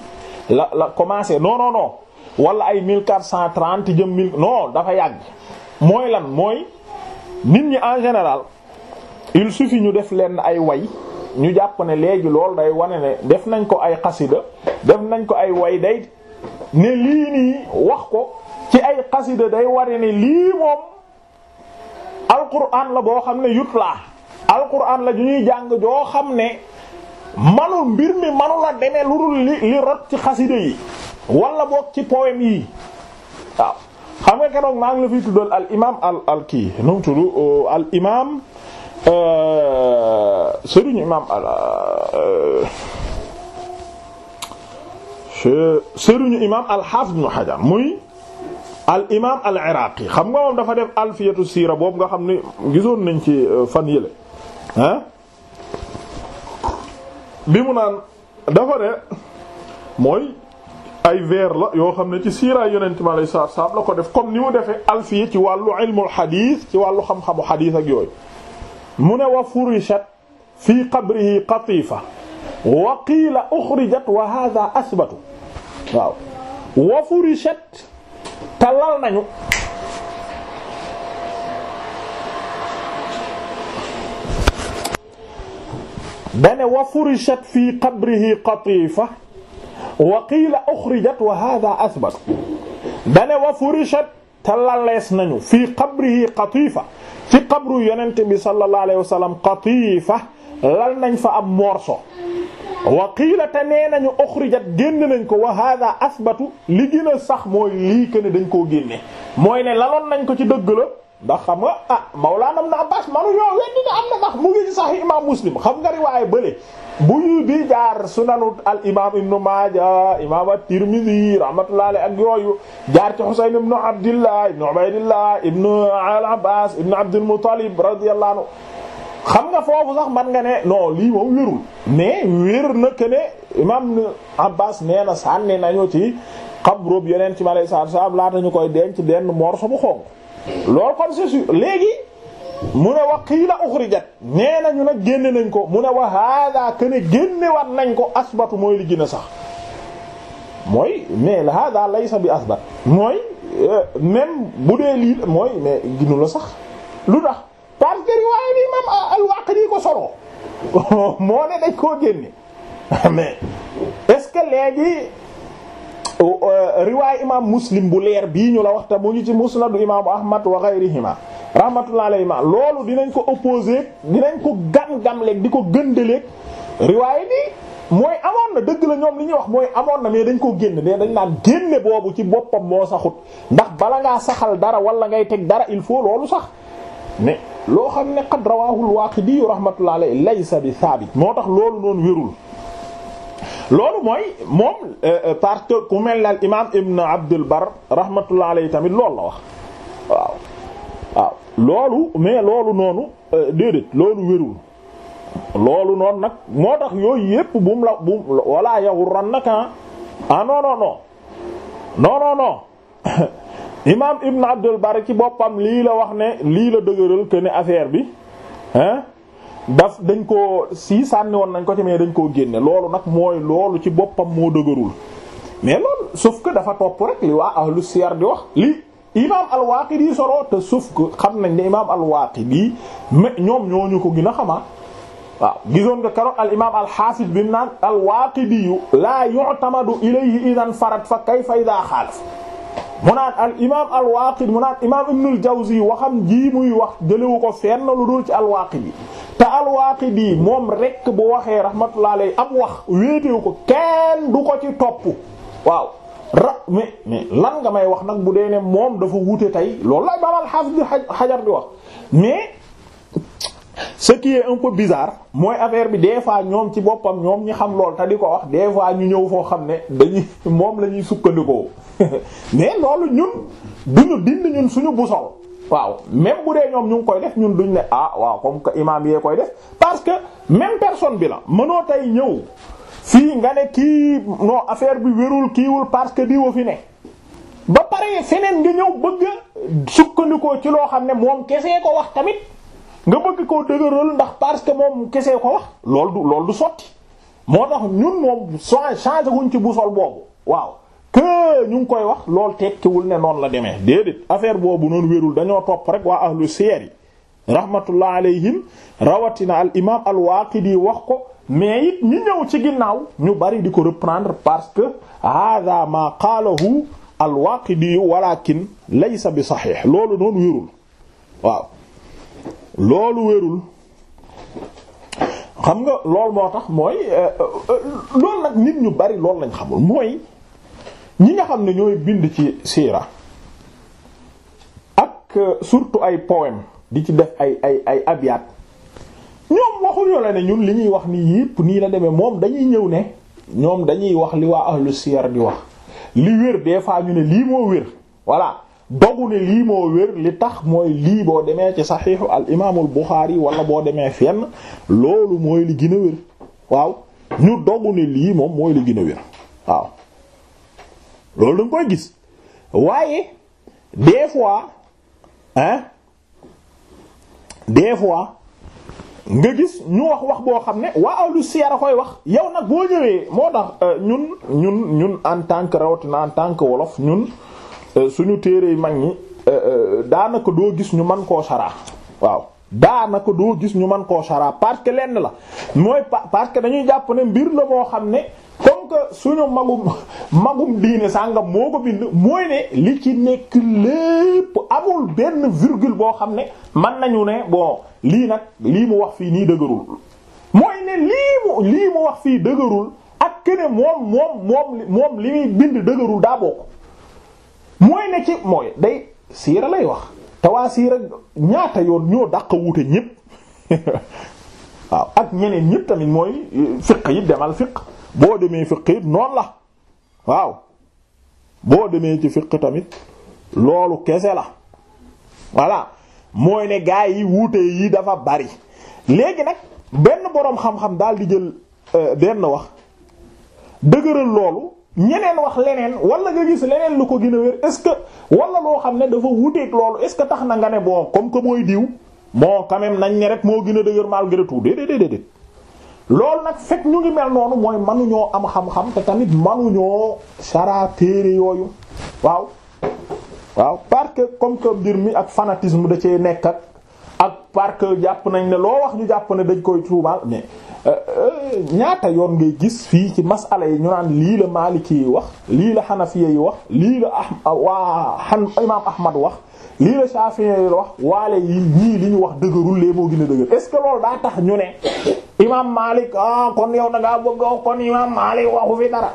la la commencé non non non wala ay 1430 jëm 1000 non dafa yàgg mooy lan mooy nit ñi en général il suffit ñu def leen ay way ñu jàpp ne léegi lool day wane ne def nañ ko ay xasida def nañ ko ay way day ne lii nii wax ko ci ay xasida day wane ne lii moom alquran la boo xam ne yut laa alquran la ju ñuy jàng joo xam ne manul mbir mi manu a demee lu dul li rot ci xasida yi walla book ci poème yi waaw xam nga keroog maa ngi la fiy tuddal al imam al al kii nu mu euh, al imam Euh, sëriñu imaam euh, sëriñu imaam al-Hafiz ibn Hajar muy al imaam al Iraqi xam nga moom dafa def alfiyatu siira boobu nga xam ni gisoon nañ ci euh, fan yële ah bi mu naan dafa ne mooy ay vers la yoo xam ne ci siira yonent mi alayhi salaatu wa salaam la ko def comme ni mu defee alfiya ci wàllu ilmul xadiis ci wàllu xam-xamu xadiis ak yooyu. mu ne wa furishat fii qabrihi qatifa wa qiila uxrijat wa hadha asbatu waaw wa furishat te lal nañu dane wa furishat fii qabrihi qatifa wa qiila uxrijat wa hadha asbatu dane wa furishat te lalees nañu fii qabrihi qatifa ci qabru yonent bi sallallahu alayhi wa sallam qatifa lal nañ fa ab morso wa qiila te nee nañu uxrijat génn nañ ko wa hada asbatu li gën sax mooy lii que ne dañ koo génne mooy ne laloon nañ ko ci dëgg la ndax xam nga ah Mawlaana Abbaas manu ñoo weddi ne am mu ngi ci Sahih imaam Muslim xam nga riwaaye bële bu yu bi jaar sunanu al imaam Maaja imaam at-Tirmidhi rahmatullahi ak yooyu jaar ci Husayn ibn Abdillah ibn Ubaydillah ibn abbaas ibn Abdul Muttalib radiyallahu anhu xam nga foofu sax man nga ne no lii moom wérul mais wér na ke ne imaam Abbaas nee na sànni nañu ci xabru yeneen ci ma lay saab laata ñu koy denc benn morso bu xonq loolu kon c'est sûr léegi mu ne wa qiila uxrijat nee nañu nag génne nañ ko mu ne wa hada kene génne wat nañ ko asbatu mooy li gën a sax mooy mais hada laysa bi asbat mooy euh, même bu dee lii mooy mais ginu la sax lu tax parce que riwaaya bi imam al-Waaqidi ko soroo [LAUGHS] moo ne dañ koo génne [LAUGHS] mais est-ce Euh, riwaay imam muslim bu leer bii ñu la wax te mu ngi ci musnadu imaamu ahmad wa ghayrihima rahmatullahi alayhima loolu dinañ ko opposé dinañ ko gam-gamleeg di ko gëndaleeg riwaay bi mooy amoon na dëgg la ñoom li ñuy wax mooy amoon na mais dañ ko génn mais dañ naan génne boobu ci boppam moo saxut ndax bala ngaa saxal dara walla ngay teg dara il faut loolu sax mais loo xam ne qad rawaahul waaqidi rahmatullahi alayhi laysa bi thabit moo tax loolu noonu wérul loolu mooy moom euh, euh, parce ku mel ne imaam Ibn Abdul Bar tamit loolu la wax waaw loolu mais loolu noonu euh, déedéet loolu wérul loolu noon nag moo tax yooyu yépp bu mu la bu walla yaghurrannaka ah non non non non non non [LAUGHS] imaam Ibn Abdul Bar ci boppam lii la wax ne lii la dëgëral que ne affaire bi hein daf dañ ko sii sànni woon nañ ko ci mais dañ koo génne loolu nag mooy loolu ci boppam moo dëgërul mais loolu sauf dafa topp rek li waa ahlu siyar di wax li imaam al-Waaqidi soroo te sauf que xam nañ ne imaam al-Waaqidi mais ñoom ñooñu ko gën a xamaa waaw gisoon nga keroog al imaam al-Haafid bi naan al-Waaqidi laa yu'tamadu ilayhi idan farad fa kayfa idaa xaalaf mu naan al imaam al Waaqidi mu naan imaam Ibnul Jawzi waxam ji muy wax jëlewu ko fenn lu dul ci al Waaqidi te al Waaqidi moom rekk bu waxee rahmatullahi alayhi ab wax wéetewu ko kenn du ko ci topp waaw ra mais mais lan nga may wax nag bu dee ne moom dafa wuute tey loolu la imaam al Haafiz Hajar di wax mais ce qui est un peu bizarre mooy affaire bi des fois ñoom ci boppam ñoom ñi xam lool te di ko wax des fois ñu ñëw foo xam ne dañuy [LAUGHS] moom la ñuy sukkandikoo [LAUGHS] mais loolu ñun duñu dindi ñun suñu busol waaw même bu dee ñoom ñu ngi koy def ñun duñ ne ah waaw comme que imam yee koy def parce que même personne bi la mënoo tey ñëw fii nga ne kii non affaire bi wérul kiiwul parce que di fi ne ba pare feneen nga ñëw bëgg sukkandikoo ci loo xam ne moom kesee ko wax tamit nga bëgg ko dëgëral ndax parce que moom kesee ko wax loolu du loolu du sotti moo tax ñun moom changé wuñ ci boussole boobu waaw que ñu ngi koy wax lool tekkiwul ne noonu la demee déedéet affaire boobu noonu wérul dañoo topp rek waa ahlu siyar yi rahmatullah alayhim rawatina al imam al Waaqidi wax ko mais it ñu ñëw ci ginnaaw ñu bari di ko reprendre parce que hada ma qaalahu al Waaqidi walakin laysa bi saxiix loolu noonu wérul loolu wérul xam nga loolu moo tax mooy euh, euh, loolu nag nit ñu bari lool lañ xamul mooy ñi nga xam ne ñooy bind ci siira ak euh, surtout ay poème di ci def ay ay ay abyaat ñoom waxuñu la ne ñun li ñuy wax nii yépp nii la demee moom dañuy ñëw ne ñoom dañuy wax li waa ahlu siyar di wax li wér des fois ñu ne lii moo wér voilà dogu ne lii moo wér li tax mooy lii boo demee ci saxiixu al imaamul Buxaari wala boo demee fenn loolu mooy li gën a wér waaw ñu dogu ne lii moom mooy li gën a wér waaw loolu danga koy gis waaye des fois hein des fois nga gis ñu wax wax boo xam ne waa ahlu siyar a koy wax yow nag boo ñëwee moo tax euh, ñun ñun ñun en tant que rawatina en tant wolof ñun Euh, suñu téere yi mag ñi euh, euh, daanaka doo gis ñu man koo saraa waaw daanaka doo gis ñu man koo saraa parce que lenn la mooy parce que dañuy jàpp ne mbir la moo xam ne comme que suñu magum [LAUGHS] magum diine sàngam moo ko bind mooy ne li ci nekk lépp amul benn virgule boo xam ne mën nañu ne bon lii nag lii mu wax fii nii dëgërul mooy ne lii mu lii mu wax fii dëgërul ak que ne moom moom moom li muy bind dëgërul daa bokk. mooy na ci mooy day siira lay wax te waa siira ñaata yoon ñoo daq wuute ñépp [LAUGHS] waaw ak ñeneen ñépp tamit mooy fiq yi demal fiq boo demee fiq it noonu la waaw boo demee ci fiq tamit loolu kese la voilà mooy ne gaa yi wuute yi dafa bari léegi nag benn boroom xam-xam daal di jël euh, benn wax dëgëral loolu ñeneen wax leneen wala nga gis leneen lu ko gën a wér est-ce que wala loo xam ne dafa wuteeg loolu est-ce que tax na nga ne bon comme que mooy diw moo quand même nañ ne rek moo gën a dëgër malgré tout déedéet déedéet loolu nag fekk ñu ngi mel noonu mooy manuñoo am xam-xam te tamit manuñoo sara téere yooyu waaw waaw parce que comme que mbir mi ak fanatisme da cee nekk ak parce que jàpp nañ ne loo wax ñu jàpp ne dañ koy tuumaal mais euh, euh, ñaata yoon ngay gis fii ci masala yi ñu naan lii la Maliki yi wax lii la Hanafiya yi wax lii la ah waa xan imaam Ahmad wax lii la Shafi'i yi wax waale yi ñii li ñu wax dëgërul lee moo gën a dëgër est daa tax ñu ne imaam Malik ah kon yow da bëgg kon imaam Malik waxu fi dara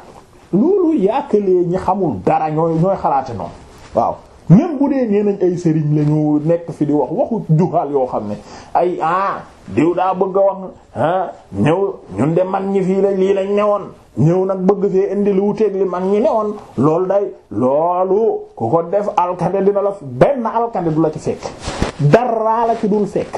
loolu yaakaar ñi xamul dara ñooy ñooy xalaate noonu waaw. même bu dee nee nañ ay sëriñ la ñu nekk fi di wax waxu juxaal yoo xam ne ay ah diw daa bëgg a wax ah ñëw ñun de man ñi fii la lii lañ newoon ñëw nag bëgg fee indi lu wuteeg li man ñi newoon loolu day loolu ku ko def alkande dina la benn alkande du la ci fekk dara la ci dul fekk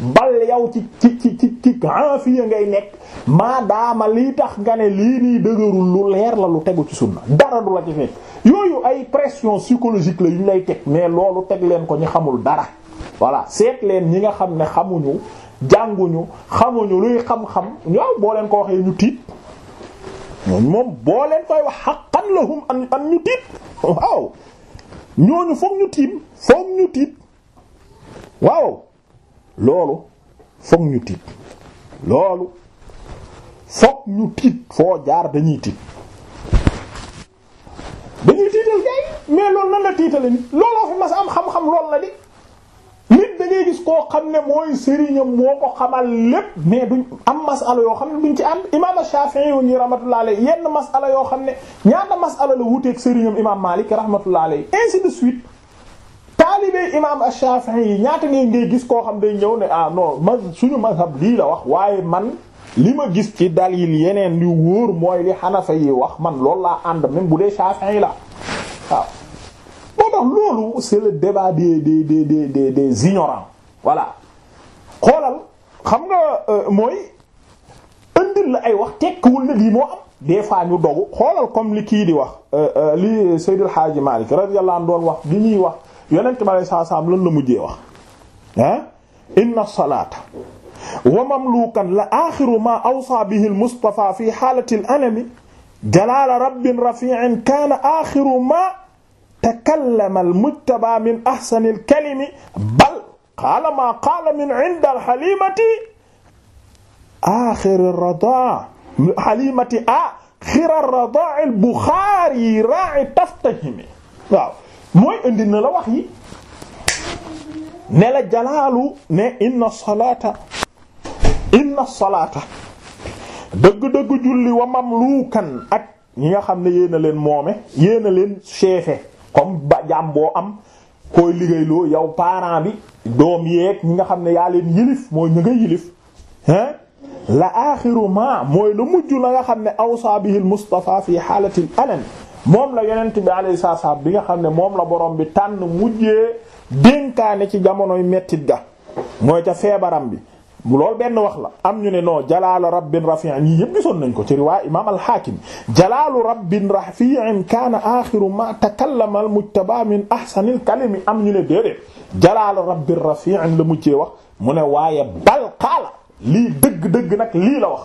bal yow ci ci ci ci ci afiya ngay nekk maadaama lii tax nga ne lii nii dëgërul lu leer la lu tegu ci sunna dara du la ci fekk yooyu ay pression psychologique la yu lay teg mais loolu teg leen ko ñi xamul dara voilà seet leen ñi nga xam ne xamuñu jànguñu xamuñu luy xam-xam ñoom boo leen ko waxee ñu tiit ñooñu moom boo leen koy wax haqqan lahum an an ñu tiit waaw ñooñu ñu tiim waaw loolu foog ñu tiit loolu foog ñu tiit foo jaar dañuy tiit dañuy tiital gay mais loolu nan la tiitale nit looloo fi mas am xam-xam lool la di nit da ngay gis koo xam ne mooy sëriñam moo ko xamal lépp mais duñ am masala yoo xam ne duñ ci am imaam Shafi'i yu ñi rahmatullah alayhi yenn masala yoo xam ne ñaata masala la wuteeg sëriñam imaam Malik rahmatullah in ainsi de suite taalibe imaam Shafi'i yi ñaata ngay ngay gis koo xam day ñëw ne ah non ma suñu mazhab lii la wax waaye man li ma gis ci dalil yeneen yu wóor mooy li xanafa yi wax man loolu laa ànd même bu dee Shafi'i la waaw moo tax loolu c'est le débat des des des des des des ignorants xoolal xam nga euh, mooy indil la ay wax tekkiwul na lii moo am des fois ñu dogu xoolal comme li kii di wax euh, euh, li Seydil Hadji Malick radiyallahu anhu doon wax li ñuy wax yonent bi sallallahu alayhi lan la mujjee wax ah inna salata wa mamluukan la aaxiru maa awsaa bihi al-Mustafaa fi xaalati al-alami jalaala rabbin rafiicin kaana aaxiru maa takallama al-mujtabaa min axsani al-kalimi bal qaala maa qaala min cindi al-xaliimati aaxiri ar-radaa xaliimati aaxiri ar-radaa al-Buxaari raaci taftahimi waaw mooy indi na la wax yi ne la jalaalu ne inna salaata inna salaata dëgg-dëgg julli wa mamluukan ak ñi nga xam ne yéen leen moome yéen a leen chefe comme ba jaam boo am koy liggéeyloo yow parent bi doom yeeg ñi nga xam ne yaa leen yilif mooy ñu nga yilif hein la aaxiru ma mooy lu mujj la nga xam ne aw bihi al Mustafa fi xaalatil alam moom la yonent bi alayhi salaam bi nga xam ne moom la borom bi tànn mujjee dénkaane ci jamonoy mettit ga mooy ca feebaram bi lool benn wax la am ñu ne non jalaalu rabbin rafi'in ñii yëpp gisoon nañ ko ci riwaay imaam al-Hakim jalaalu rabbin rafi'in kaana axiru ma takallama al-mujtaba min ahsanil kalimi am ñu ne déedéet jalaalu rabbin rafi'in la mujjee wax mu ne waaye bal qaala lii dëgg-dëgg nag lii la wax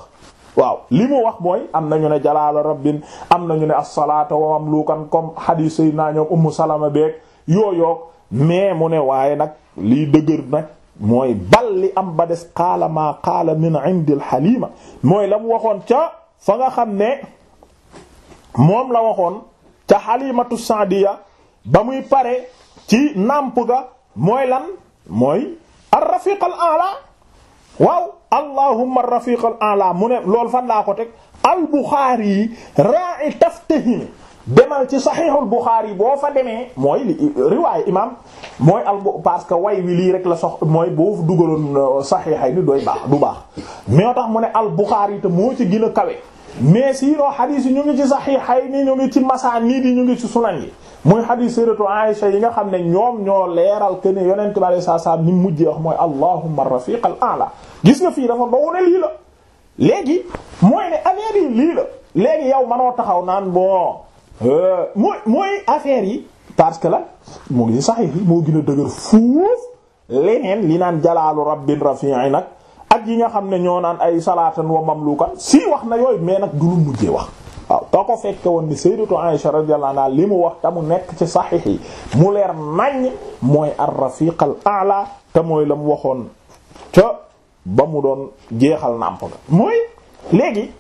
waaw li mu wax mooy am nañu ne jalaalu rabbin am nañu ne as-salaata wa mamlukan comme hadith Seydina ñoom Ummu salaama beeg yooyoog mais mu ne waaye nag lii dëgër nag. mooy bal li am ba des qaala maa qaala min indil xalima mooy la mu waxoon ca fa nga xam ne moom la waxoon ca xalimatu saadiya ba muy pare ci nàmp ga mooy lan mooy ar-rafiq al-a'la waaw allahumma ar-rafiq al-a'la mu ne loolu fan laa ko teg al-Bukhari ra'i taftahimi demal ci saxiixul Buxaari boo fa demee mooy li riwaayu imaam mooy al parce que way wi lii rek la sox mooy boo dugaloon euh, saxiixay ni doy baax du baax mais tax mu ne al Buxaari te moo ci gina a kawe mais sinon xadiis yi ñu ngi ci saxiixay ni ñu ngi ci masaanid yi ñu ngi ci sunan yi muy xadiis sayyidatu Aïsha yi nga xam ne ñoom ñoo leeral que ne yonent bi alayhi salaam ni mujjee wax mooy allahumma rafiq al a'la gis nga fii dafa dogu ne lii la léegi mooy ne affaire yi léegi yow manoo taxaw naan bon. Euh, mooy mooy affaire yi parce la mu ngi sax yi moo gën a dëgër fuuf leneen li naan jalaalu rabbin rafi'i nag ak yi nga xam ne ñoo naan ay salaatan wa mamlukan si wax na yooyu mais nag du lu mujjee wax waaw ka ko fekke woon ni sayyidatu Aisha radiyallahu anha li mu wax te mu nekk ci saxiix yi mu leer naññ mooy ar-rafiq al-a'la te mooy la mu waxoon ca ba mu doon jeexal nàmp nga mooy léegi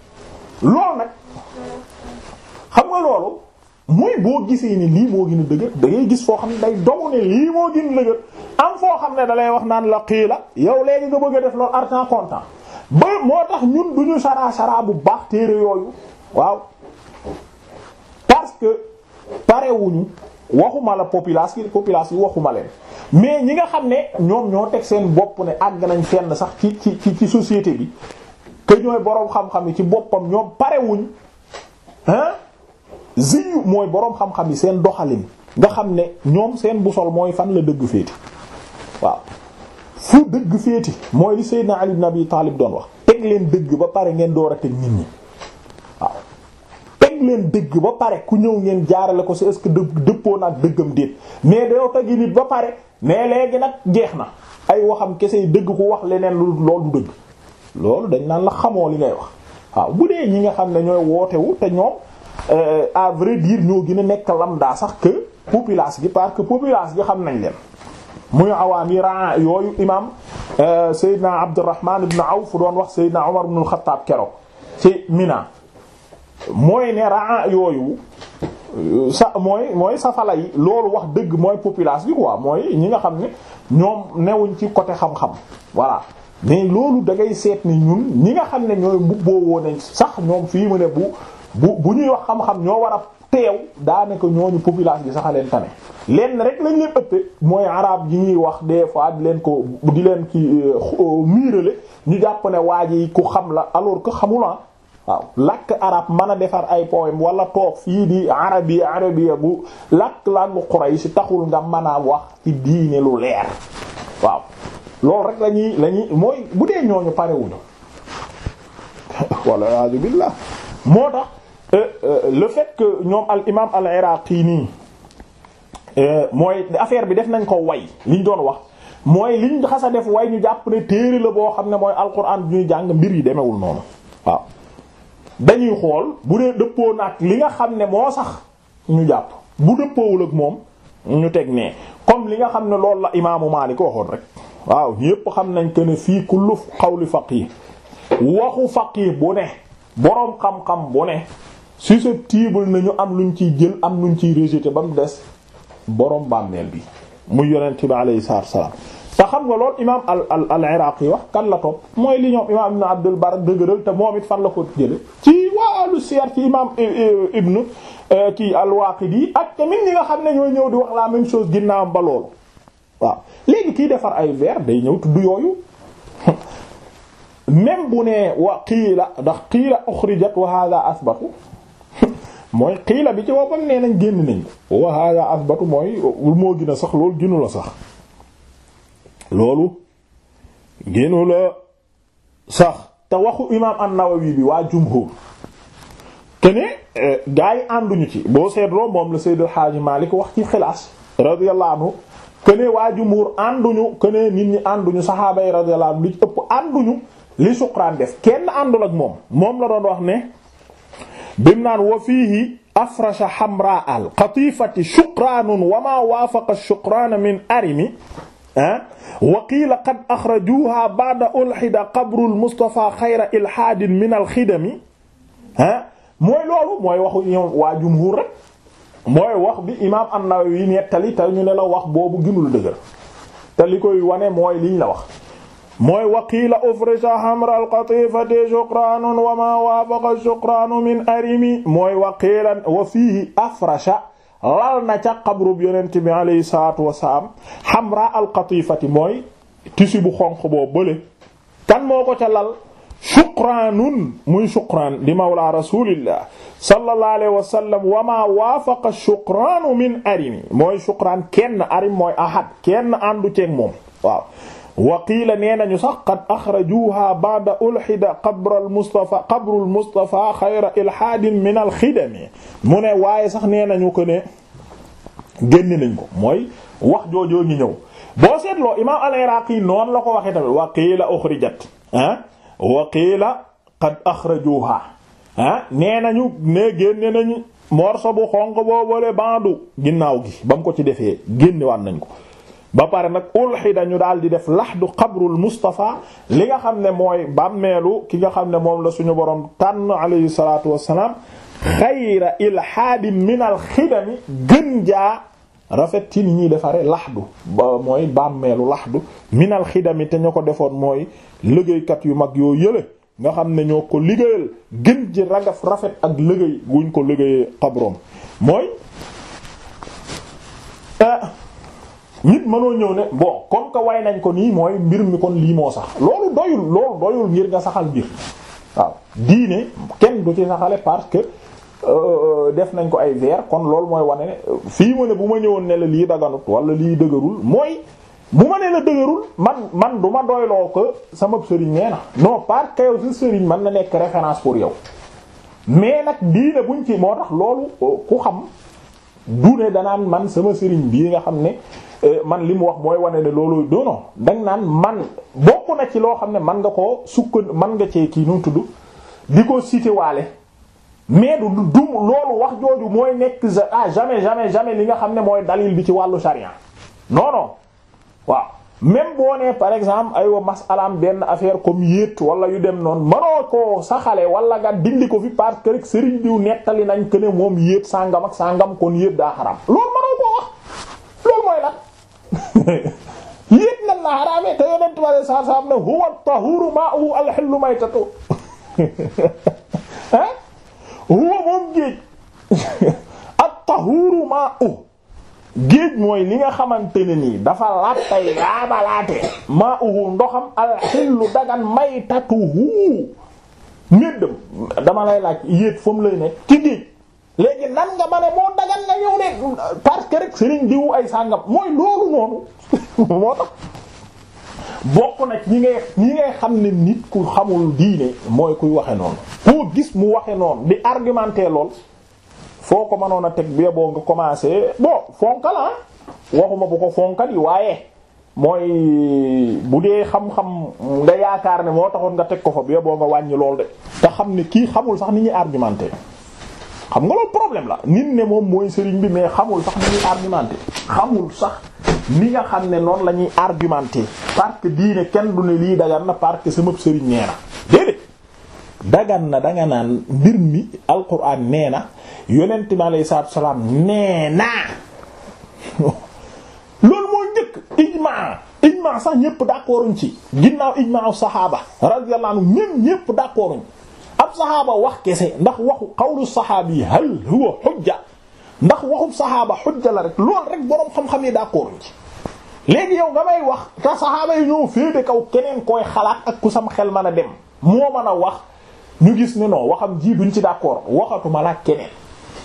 loolu nag xam nga loolu mooy boo gisee ni lii moo gën a dëgër da ngay gis foo xam ne day dogu ne lii moo gën a dëgër am foo xam ne dalay wax naan la xii la yow léegi nga bëgg a def loolu argent comptant ba moo tax ñun du ñu saraa saraa bu baax téere yooyu waaw parce que parewuñu waxuma la population population yi waxuma leen mais ñi nga xam ne ñoom ñoo teg seen bopp ne àgg nañ fenn sax ci ci ci société bi te ñooy boroom xam-xam yi ci boppam ñoom parewuñ ziyu mooy boroom xam-xam yi seen doxalin nga xam ne ñoom seen busol mooy fan la dëgg féeti waaw fu dëgg féeti mooy li Seydina Ali ibn Abi Taalib doon wax teg leen dëgg ba pare ngeen door a teg nit ñi waaw ba pare ku ñëw ngeen jaarale ko si est-ce que dëppoo na ak dëggam déet mais doo tegi nit ba pare mais léegi nag jeex na ay waxam kese yi dëgg ku wax leneen lu loolu dëgg loolu dañ naan la xamoo li ngay wax waaw bu dee ñi nga xam ne ñooy wootewu te ñoom Euh, à vrai dire ñoo gën a nekk lambda sax que populace gi parce que populace gi xam nañ leen muy awaam yi raa yooyu imam euh, Seydina Abdurrahman ibn Awf doon wax Seydina Omar ibn al-Khattab keroog ci Mina mooy ne raa yooyu sa mooy mooy safala yi loolu wax dëgg mooy populace bi quoi mooy ñi nga xam ne ñoom newuñ ci côté xam-xam voilà mais loolu dangay seet ni ñun ñi nga xam ne ñooy mbubboo woon sax ñoom fii mu ne bu bu bu ñuy wax xam-xam ñoo war a teew daanaka ñooñu population bi sax a leen tane lenn rek lañ leen ëppee mooy arab yi ñuy wax des fois leen ko di leen ki euh, euh, miirale ñu jàpp ne waa ji ku xam la alors que xamula ah. waaw làkk arab mën a defar ay poème walla toog fii di arabiya arabiya bu làkk langue si taxul nga mën a wax ci diine lu leer waaw loolu rek la ñuy la ñuy mooy bu dee ñooñu parewuñu [LAUGHS] wala a'uzu billah Euh, euh, le fait que ñoom al imaam al iraqi nii euh, mooy affaire bi def nañ ko way liñ doon wax mooy liñ xasa def way ñu jàpp ne téere la boo xam ne mooy alquran bi jàng mbir yi demewul noonu waaw dañuy dëppoo nag li nga xam ne moo sax ñu jàpp bu dëppoowul ak moom ñu teg nee comme li nga xam ne loolu la imaamu Maalik waxoon rek waaw ñépp xam nañ que ne fii kullu qawli faqih waxu faqih bu ne boroom xam-xam bu ne susceptible nañu am luñ ciy jël am luñ ciy rejeter ba mu des boroom bàmmeel bi muy yonent ci alayhi salaatu wassalaam te xam nga lool imaam al al al Iraaqi wax kan la topp mooy li ñoom imaam Ibn te moom it fan la ko jële ci waalu siyar ci imaam Ibn ci euh, al-Waaqidi ak tamit ñi nga xam ne ñooy ñëw di wax la même sos ginnaawam ba loolu waaw léegi kiy defar ay ver day ñëw tudd yooyu [LAUGHS] même bu ne wa qiila ndax qiila uxrijat wa haaza asbatu mooy xiila bi ci boppam nee nañ génn nañ ko wa hada asbatu mooy moo gën a sax loolu gënu la sax loolu gënu la te waxu imaam an bi waa jumhur kene euh, gaa yi ànduñu ci boo seetloo moom la Seydou Hadji Malick wax ci xilaas radiyallahu anhu kene waa jumhur ànduñu kene nit ñi ànduñu saxaabay yi li ci ëpp ànduñu li Suqraan def kenn àndul ak moom moom la doon wax ne bim naan wa fiihi afrasha hamra al qatifati shuqranun wa ma waafaqa shuqrana min arimi ah wa qiila qad axrajuha ba'da ulhida qabrul Mustafa xayra ilhaadin min alxidami ah mooy loolu mooy waxu ñoom waa jumhur rek mooy wax bi imaam an-Nawawi nettali te ñu ne la wax boobu gënul dëgër te li koy wane mooy liñ la wax. mooy waqiila ufrisha hamra alqatifati shukraanun wa ma waafaqa shukraanu min arimi mooy waqiila wa fiihi afrasha lal na ca xabrub yonent bi alayhi salaatu wasalaam hamra alqatifati mooy tisi bu xonq boo bële kan moo ko ca lal shukraanun muy shukraan di mawla rasulillah sallallahu alayhi wa sallam wa ma waafaqa shukraanu min arimi mooy shukraan kenn arim mooy ahad kenn àndu ceeg moom waaw wa qiila nee nañu sax qad axrajuha ba'da ulxida qabral Mustafa qabrul Mustafa xayra ilhaadin min alxidami mu ne waaye sax nee nañu ko ne génn nañ ko mooy wax joojoo ngi ñëw boo seetloo imaam al-Iraqi noonu la ko waxee tamit wa qiila uxrijat ah wa qiila qad axrajuha ah nee nañu ne génne nañ morso bu xonq boobule bandu ginnaaw gi ba ko ci defee génnewaat nañ ko. ba pare nag ulxida ñu daal di def laxdu xabrul Mustafa li nga xam ne mooy bàmmeelu ki nga xam ne moom la suñu borom tànn alayhi salaatu wassalaam xayra ilhaadi min al xidami gën jaa rafet ci ni ñuy defare laxdu ba mooy bàmmeelu laxdu min al xidami te ñu ko defoon mooy liggéeykat yu mag yoo yële nga xam ne ñoo ko liggéeyal gën ji ragaf rafet ak liggéey wuñ ko liggéeyee xabroom mooy ah, nit mënoo ñëw ne bo comme que way nañ ko nii mooy mbir mi kon lii moo sax loolu doyul loolu doyul ngir nga saxal mbir waaw diine kenn du ci saxale parce que euh, def nañ ko ay ver kon loolu mooy wane fii ma ne bu ma ñëwoon ne la lii daganut wala lii dëgërul mooy bu ma ne la man man du ma doyloo ko sama sëriñ nee na non parce que yow sa sëriñ mën na nekk référence pour yow mais nag diine buñ ci moo tax loolu ku xam du ne danaan man sama sëriñ bii nga xam ne Eh, man li mu wax mooy wane ne loolu non non dang naan man bokk na ci loo xam ne man nga koo sukk man nga cee kii nu tudd di ko cité waale mais du du loolu wax jooju mooy nekk ah jamais jamais jamais li nga xam ne mooy dalil bi ci wàllu sharia non waaw même boo nee par exemple ay aywa masalaam benn affaire comme yéet wala yu dem noonu ko sa xale wala nga dindi ko fi parce que rek Serigne diw nettali nañ que ne moom yéet sàngam ak sàngam kon yéet daa xaram [LAUGHS] yépp nan la xaraame te yonent bi alayhi salaatu salaam ne huwa tahuru maytatu [LAUGHS] huwa moom géej [LAUGHS] at-tahuru géej mooy li nga xamante ne nii dafa lattay laabalaate ma'uhu ndoxam al-hillu dagan maytatuhu ñéddam dama lay laaj yéet fa lay ne ci géej léegi nan nga ma ne moo dagal nga ñëw de parce que rek sëriñ diwu ay sàngam mooy loolu noonu [LAUGHS] moo tax bokk nag ñi ngay ñi ngay xam ne nit ku xamul diine mooy kuy waxe noonu koo gis mu waxe noonu di argumenter lool foo ko mënoon a teg bi boo nga commencé bon fonkal ah waxuma bu ko fonkal yi waaye mooy bu dee xam-xam nga yaakaar ne moo taxoon nga teg ko fa bi boo nga wàññi lool de te xam ne kii xamul sax ni ñuy argumenter xam nga loolu problème la nit ne moom mooy sëriñ bi mais xamul sax ni sax ni nga xam ne noonu la ñuy argumenté parce que diine kenn du ne lii dagan na parce que sama sëriñ nee na déedéet dagan na danga naan mbir mi alquran nee na yonent bi alayhi salaatu salaam nee na [LAUGHS] loolu mooy njëkk ijmaa ijmaa sax ñëpp d'accorduñ ci ginnaaw ijmaa saxaaba radiyallahu anhum ñëpp d'accord ab saxaaba wax kese ndax waxu qawlu yi hal huwa xujja ndax waxu saxaaba xujja la rek loolu rek boroom xam-xam yi d'accord ci léegi yow nga may wax te saxaaba yi ñoo féete kaw keneen koy xalaat ak ku sam xel man a dem moo mën a wax ñu gis ne non waxam ji duñ ci d'accord waxatuma la keneen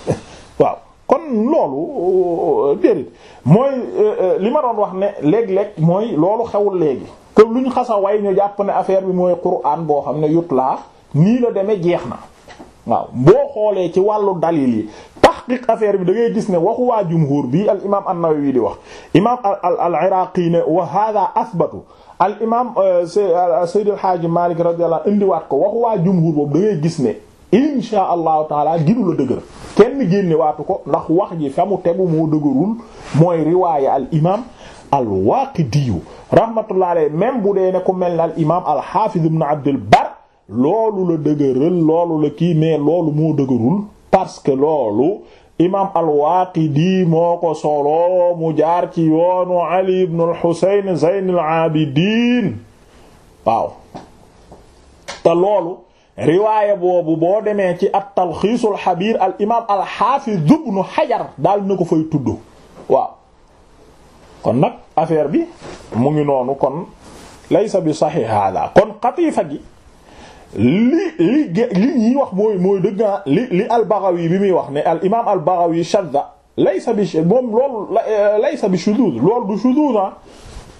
[LAUGHS] waaw kon loolu euh, déedéet mooy euh, euh, li ma doon wax ne léeg-léeg mooy loolu xewul léegi que luñ xasa way ñu jàpp ne affaire bi mooy Qur'an boo xam ne yut laa nii la demee jeex na waaw boo xoolee ci wàllu dalil yi tahqiq affaire bi da ngay gis ne waxu waa jumhur bii al imaam an-Nawawi di wax imaam al al Iraqi ne wa hada asbatu al imaam euh, Sayyid al Haaji Malik radiyallahu anhu indiwaat ko waxu waa jumhur boobu da ngay gis ne insha allahu taala ginu la dëgër kenn génne waatu ko ndax wax ji fa mu tegu moo dëgërul mooy riwaaya al imaam al Waaqidi rahmatullahi alayhi même bu dee ne ku mel ne al imaam al Haafiz ibn Abdul Barr loolu la dëgëral loolu la kii mais loolu moo dëgërul parce que loolu imaam al-Waaqidi moo mu jaar ci yoonu Ali ibn al-Husayn al-Aabidiin waaw te loolu riwaaya boobu boo demee ci at-Talxiis al-Habiir al imaam Hajar daal na ko fay tudd kon nag affaire bi mu ngi noonu kon laysa bi saxiix haadaa kon xatiifa li li li ñuy wax mooy mooy dëgg li li bi muy wax ne al imaam al-Baghawi shadda laysa bi moom loolu euh, laysa bi shudud loolu du shudud ah.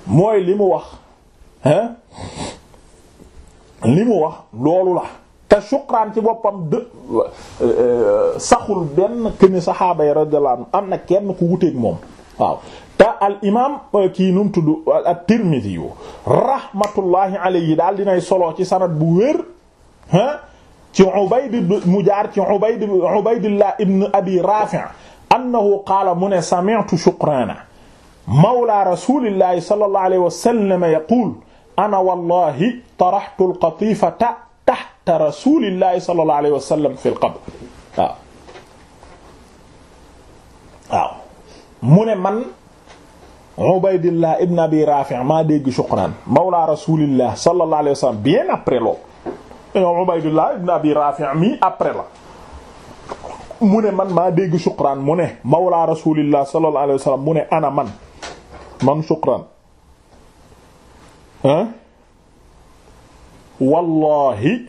mooy li mu wax ah li mu wax loolu la te suqraan ci boppam dë euh, euh, saxul benn këni saxaaba yi radiyallahu anhu am na kenn ku wuteeg moom waaw te al imaam euh, kii nu mu tudd euh, at-Tirmidhi yu rahmatullahi alayhi daal dinay solo ci sanad bu wér ah ci Ubayd mu jaar ci Ubayd Ubaydillah ibn Abi Rafi' annahu qaala mu ne sami'tu Shuqraana mawla rasulillahi sallallahu alayhi wa sallam yaqul ana wallahi tarahtu al-qatifata tahta rasulillahi sallallahu alayhi wa sallam fi al-qabr waaw waaw mu ne man Ubaydillah ibn Abi Rafi' maa dégg Shuqran mawla rasulillah sallallahu alayhi wa sallam bien après lool ñoom Ubaydillah ibn Abi Rafi' mi après la mu ne man maa dégg Shuqran mu ne mawla rasulillah sallallahu alayhi wa sallam mu ne ana man man Shuqran ah wallahi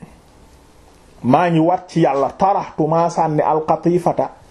maa ngi wat ci yàlla taraxtu maa sànni alqatifata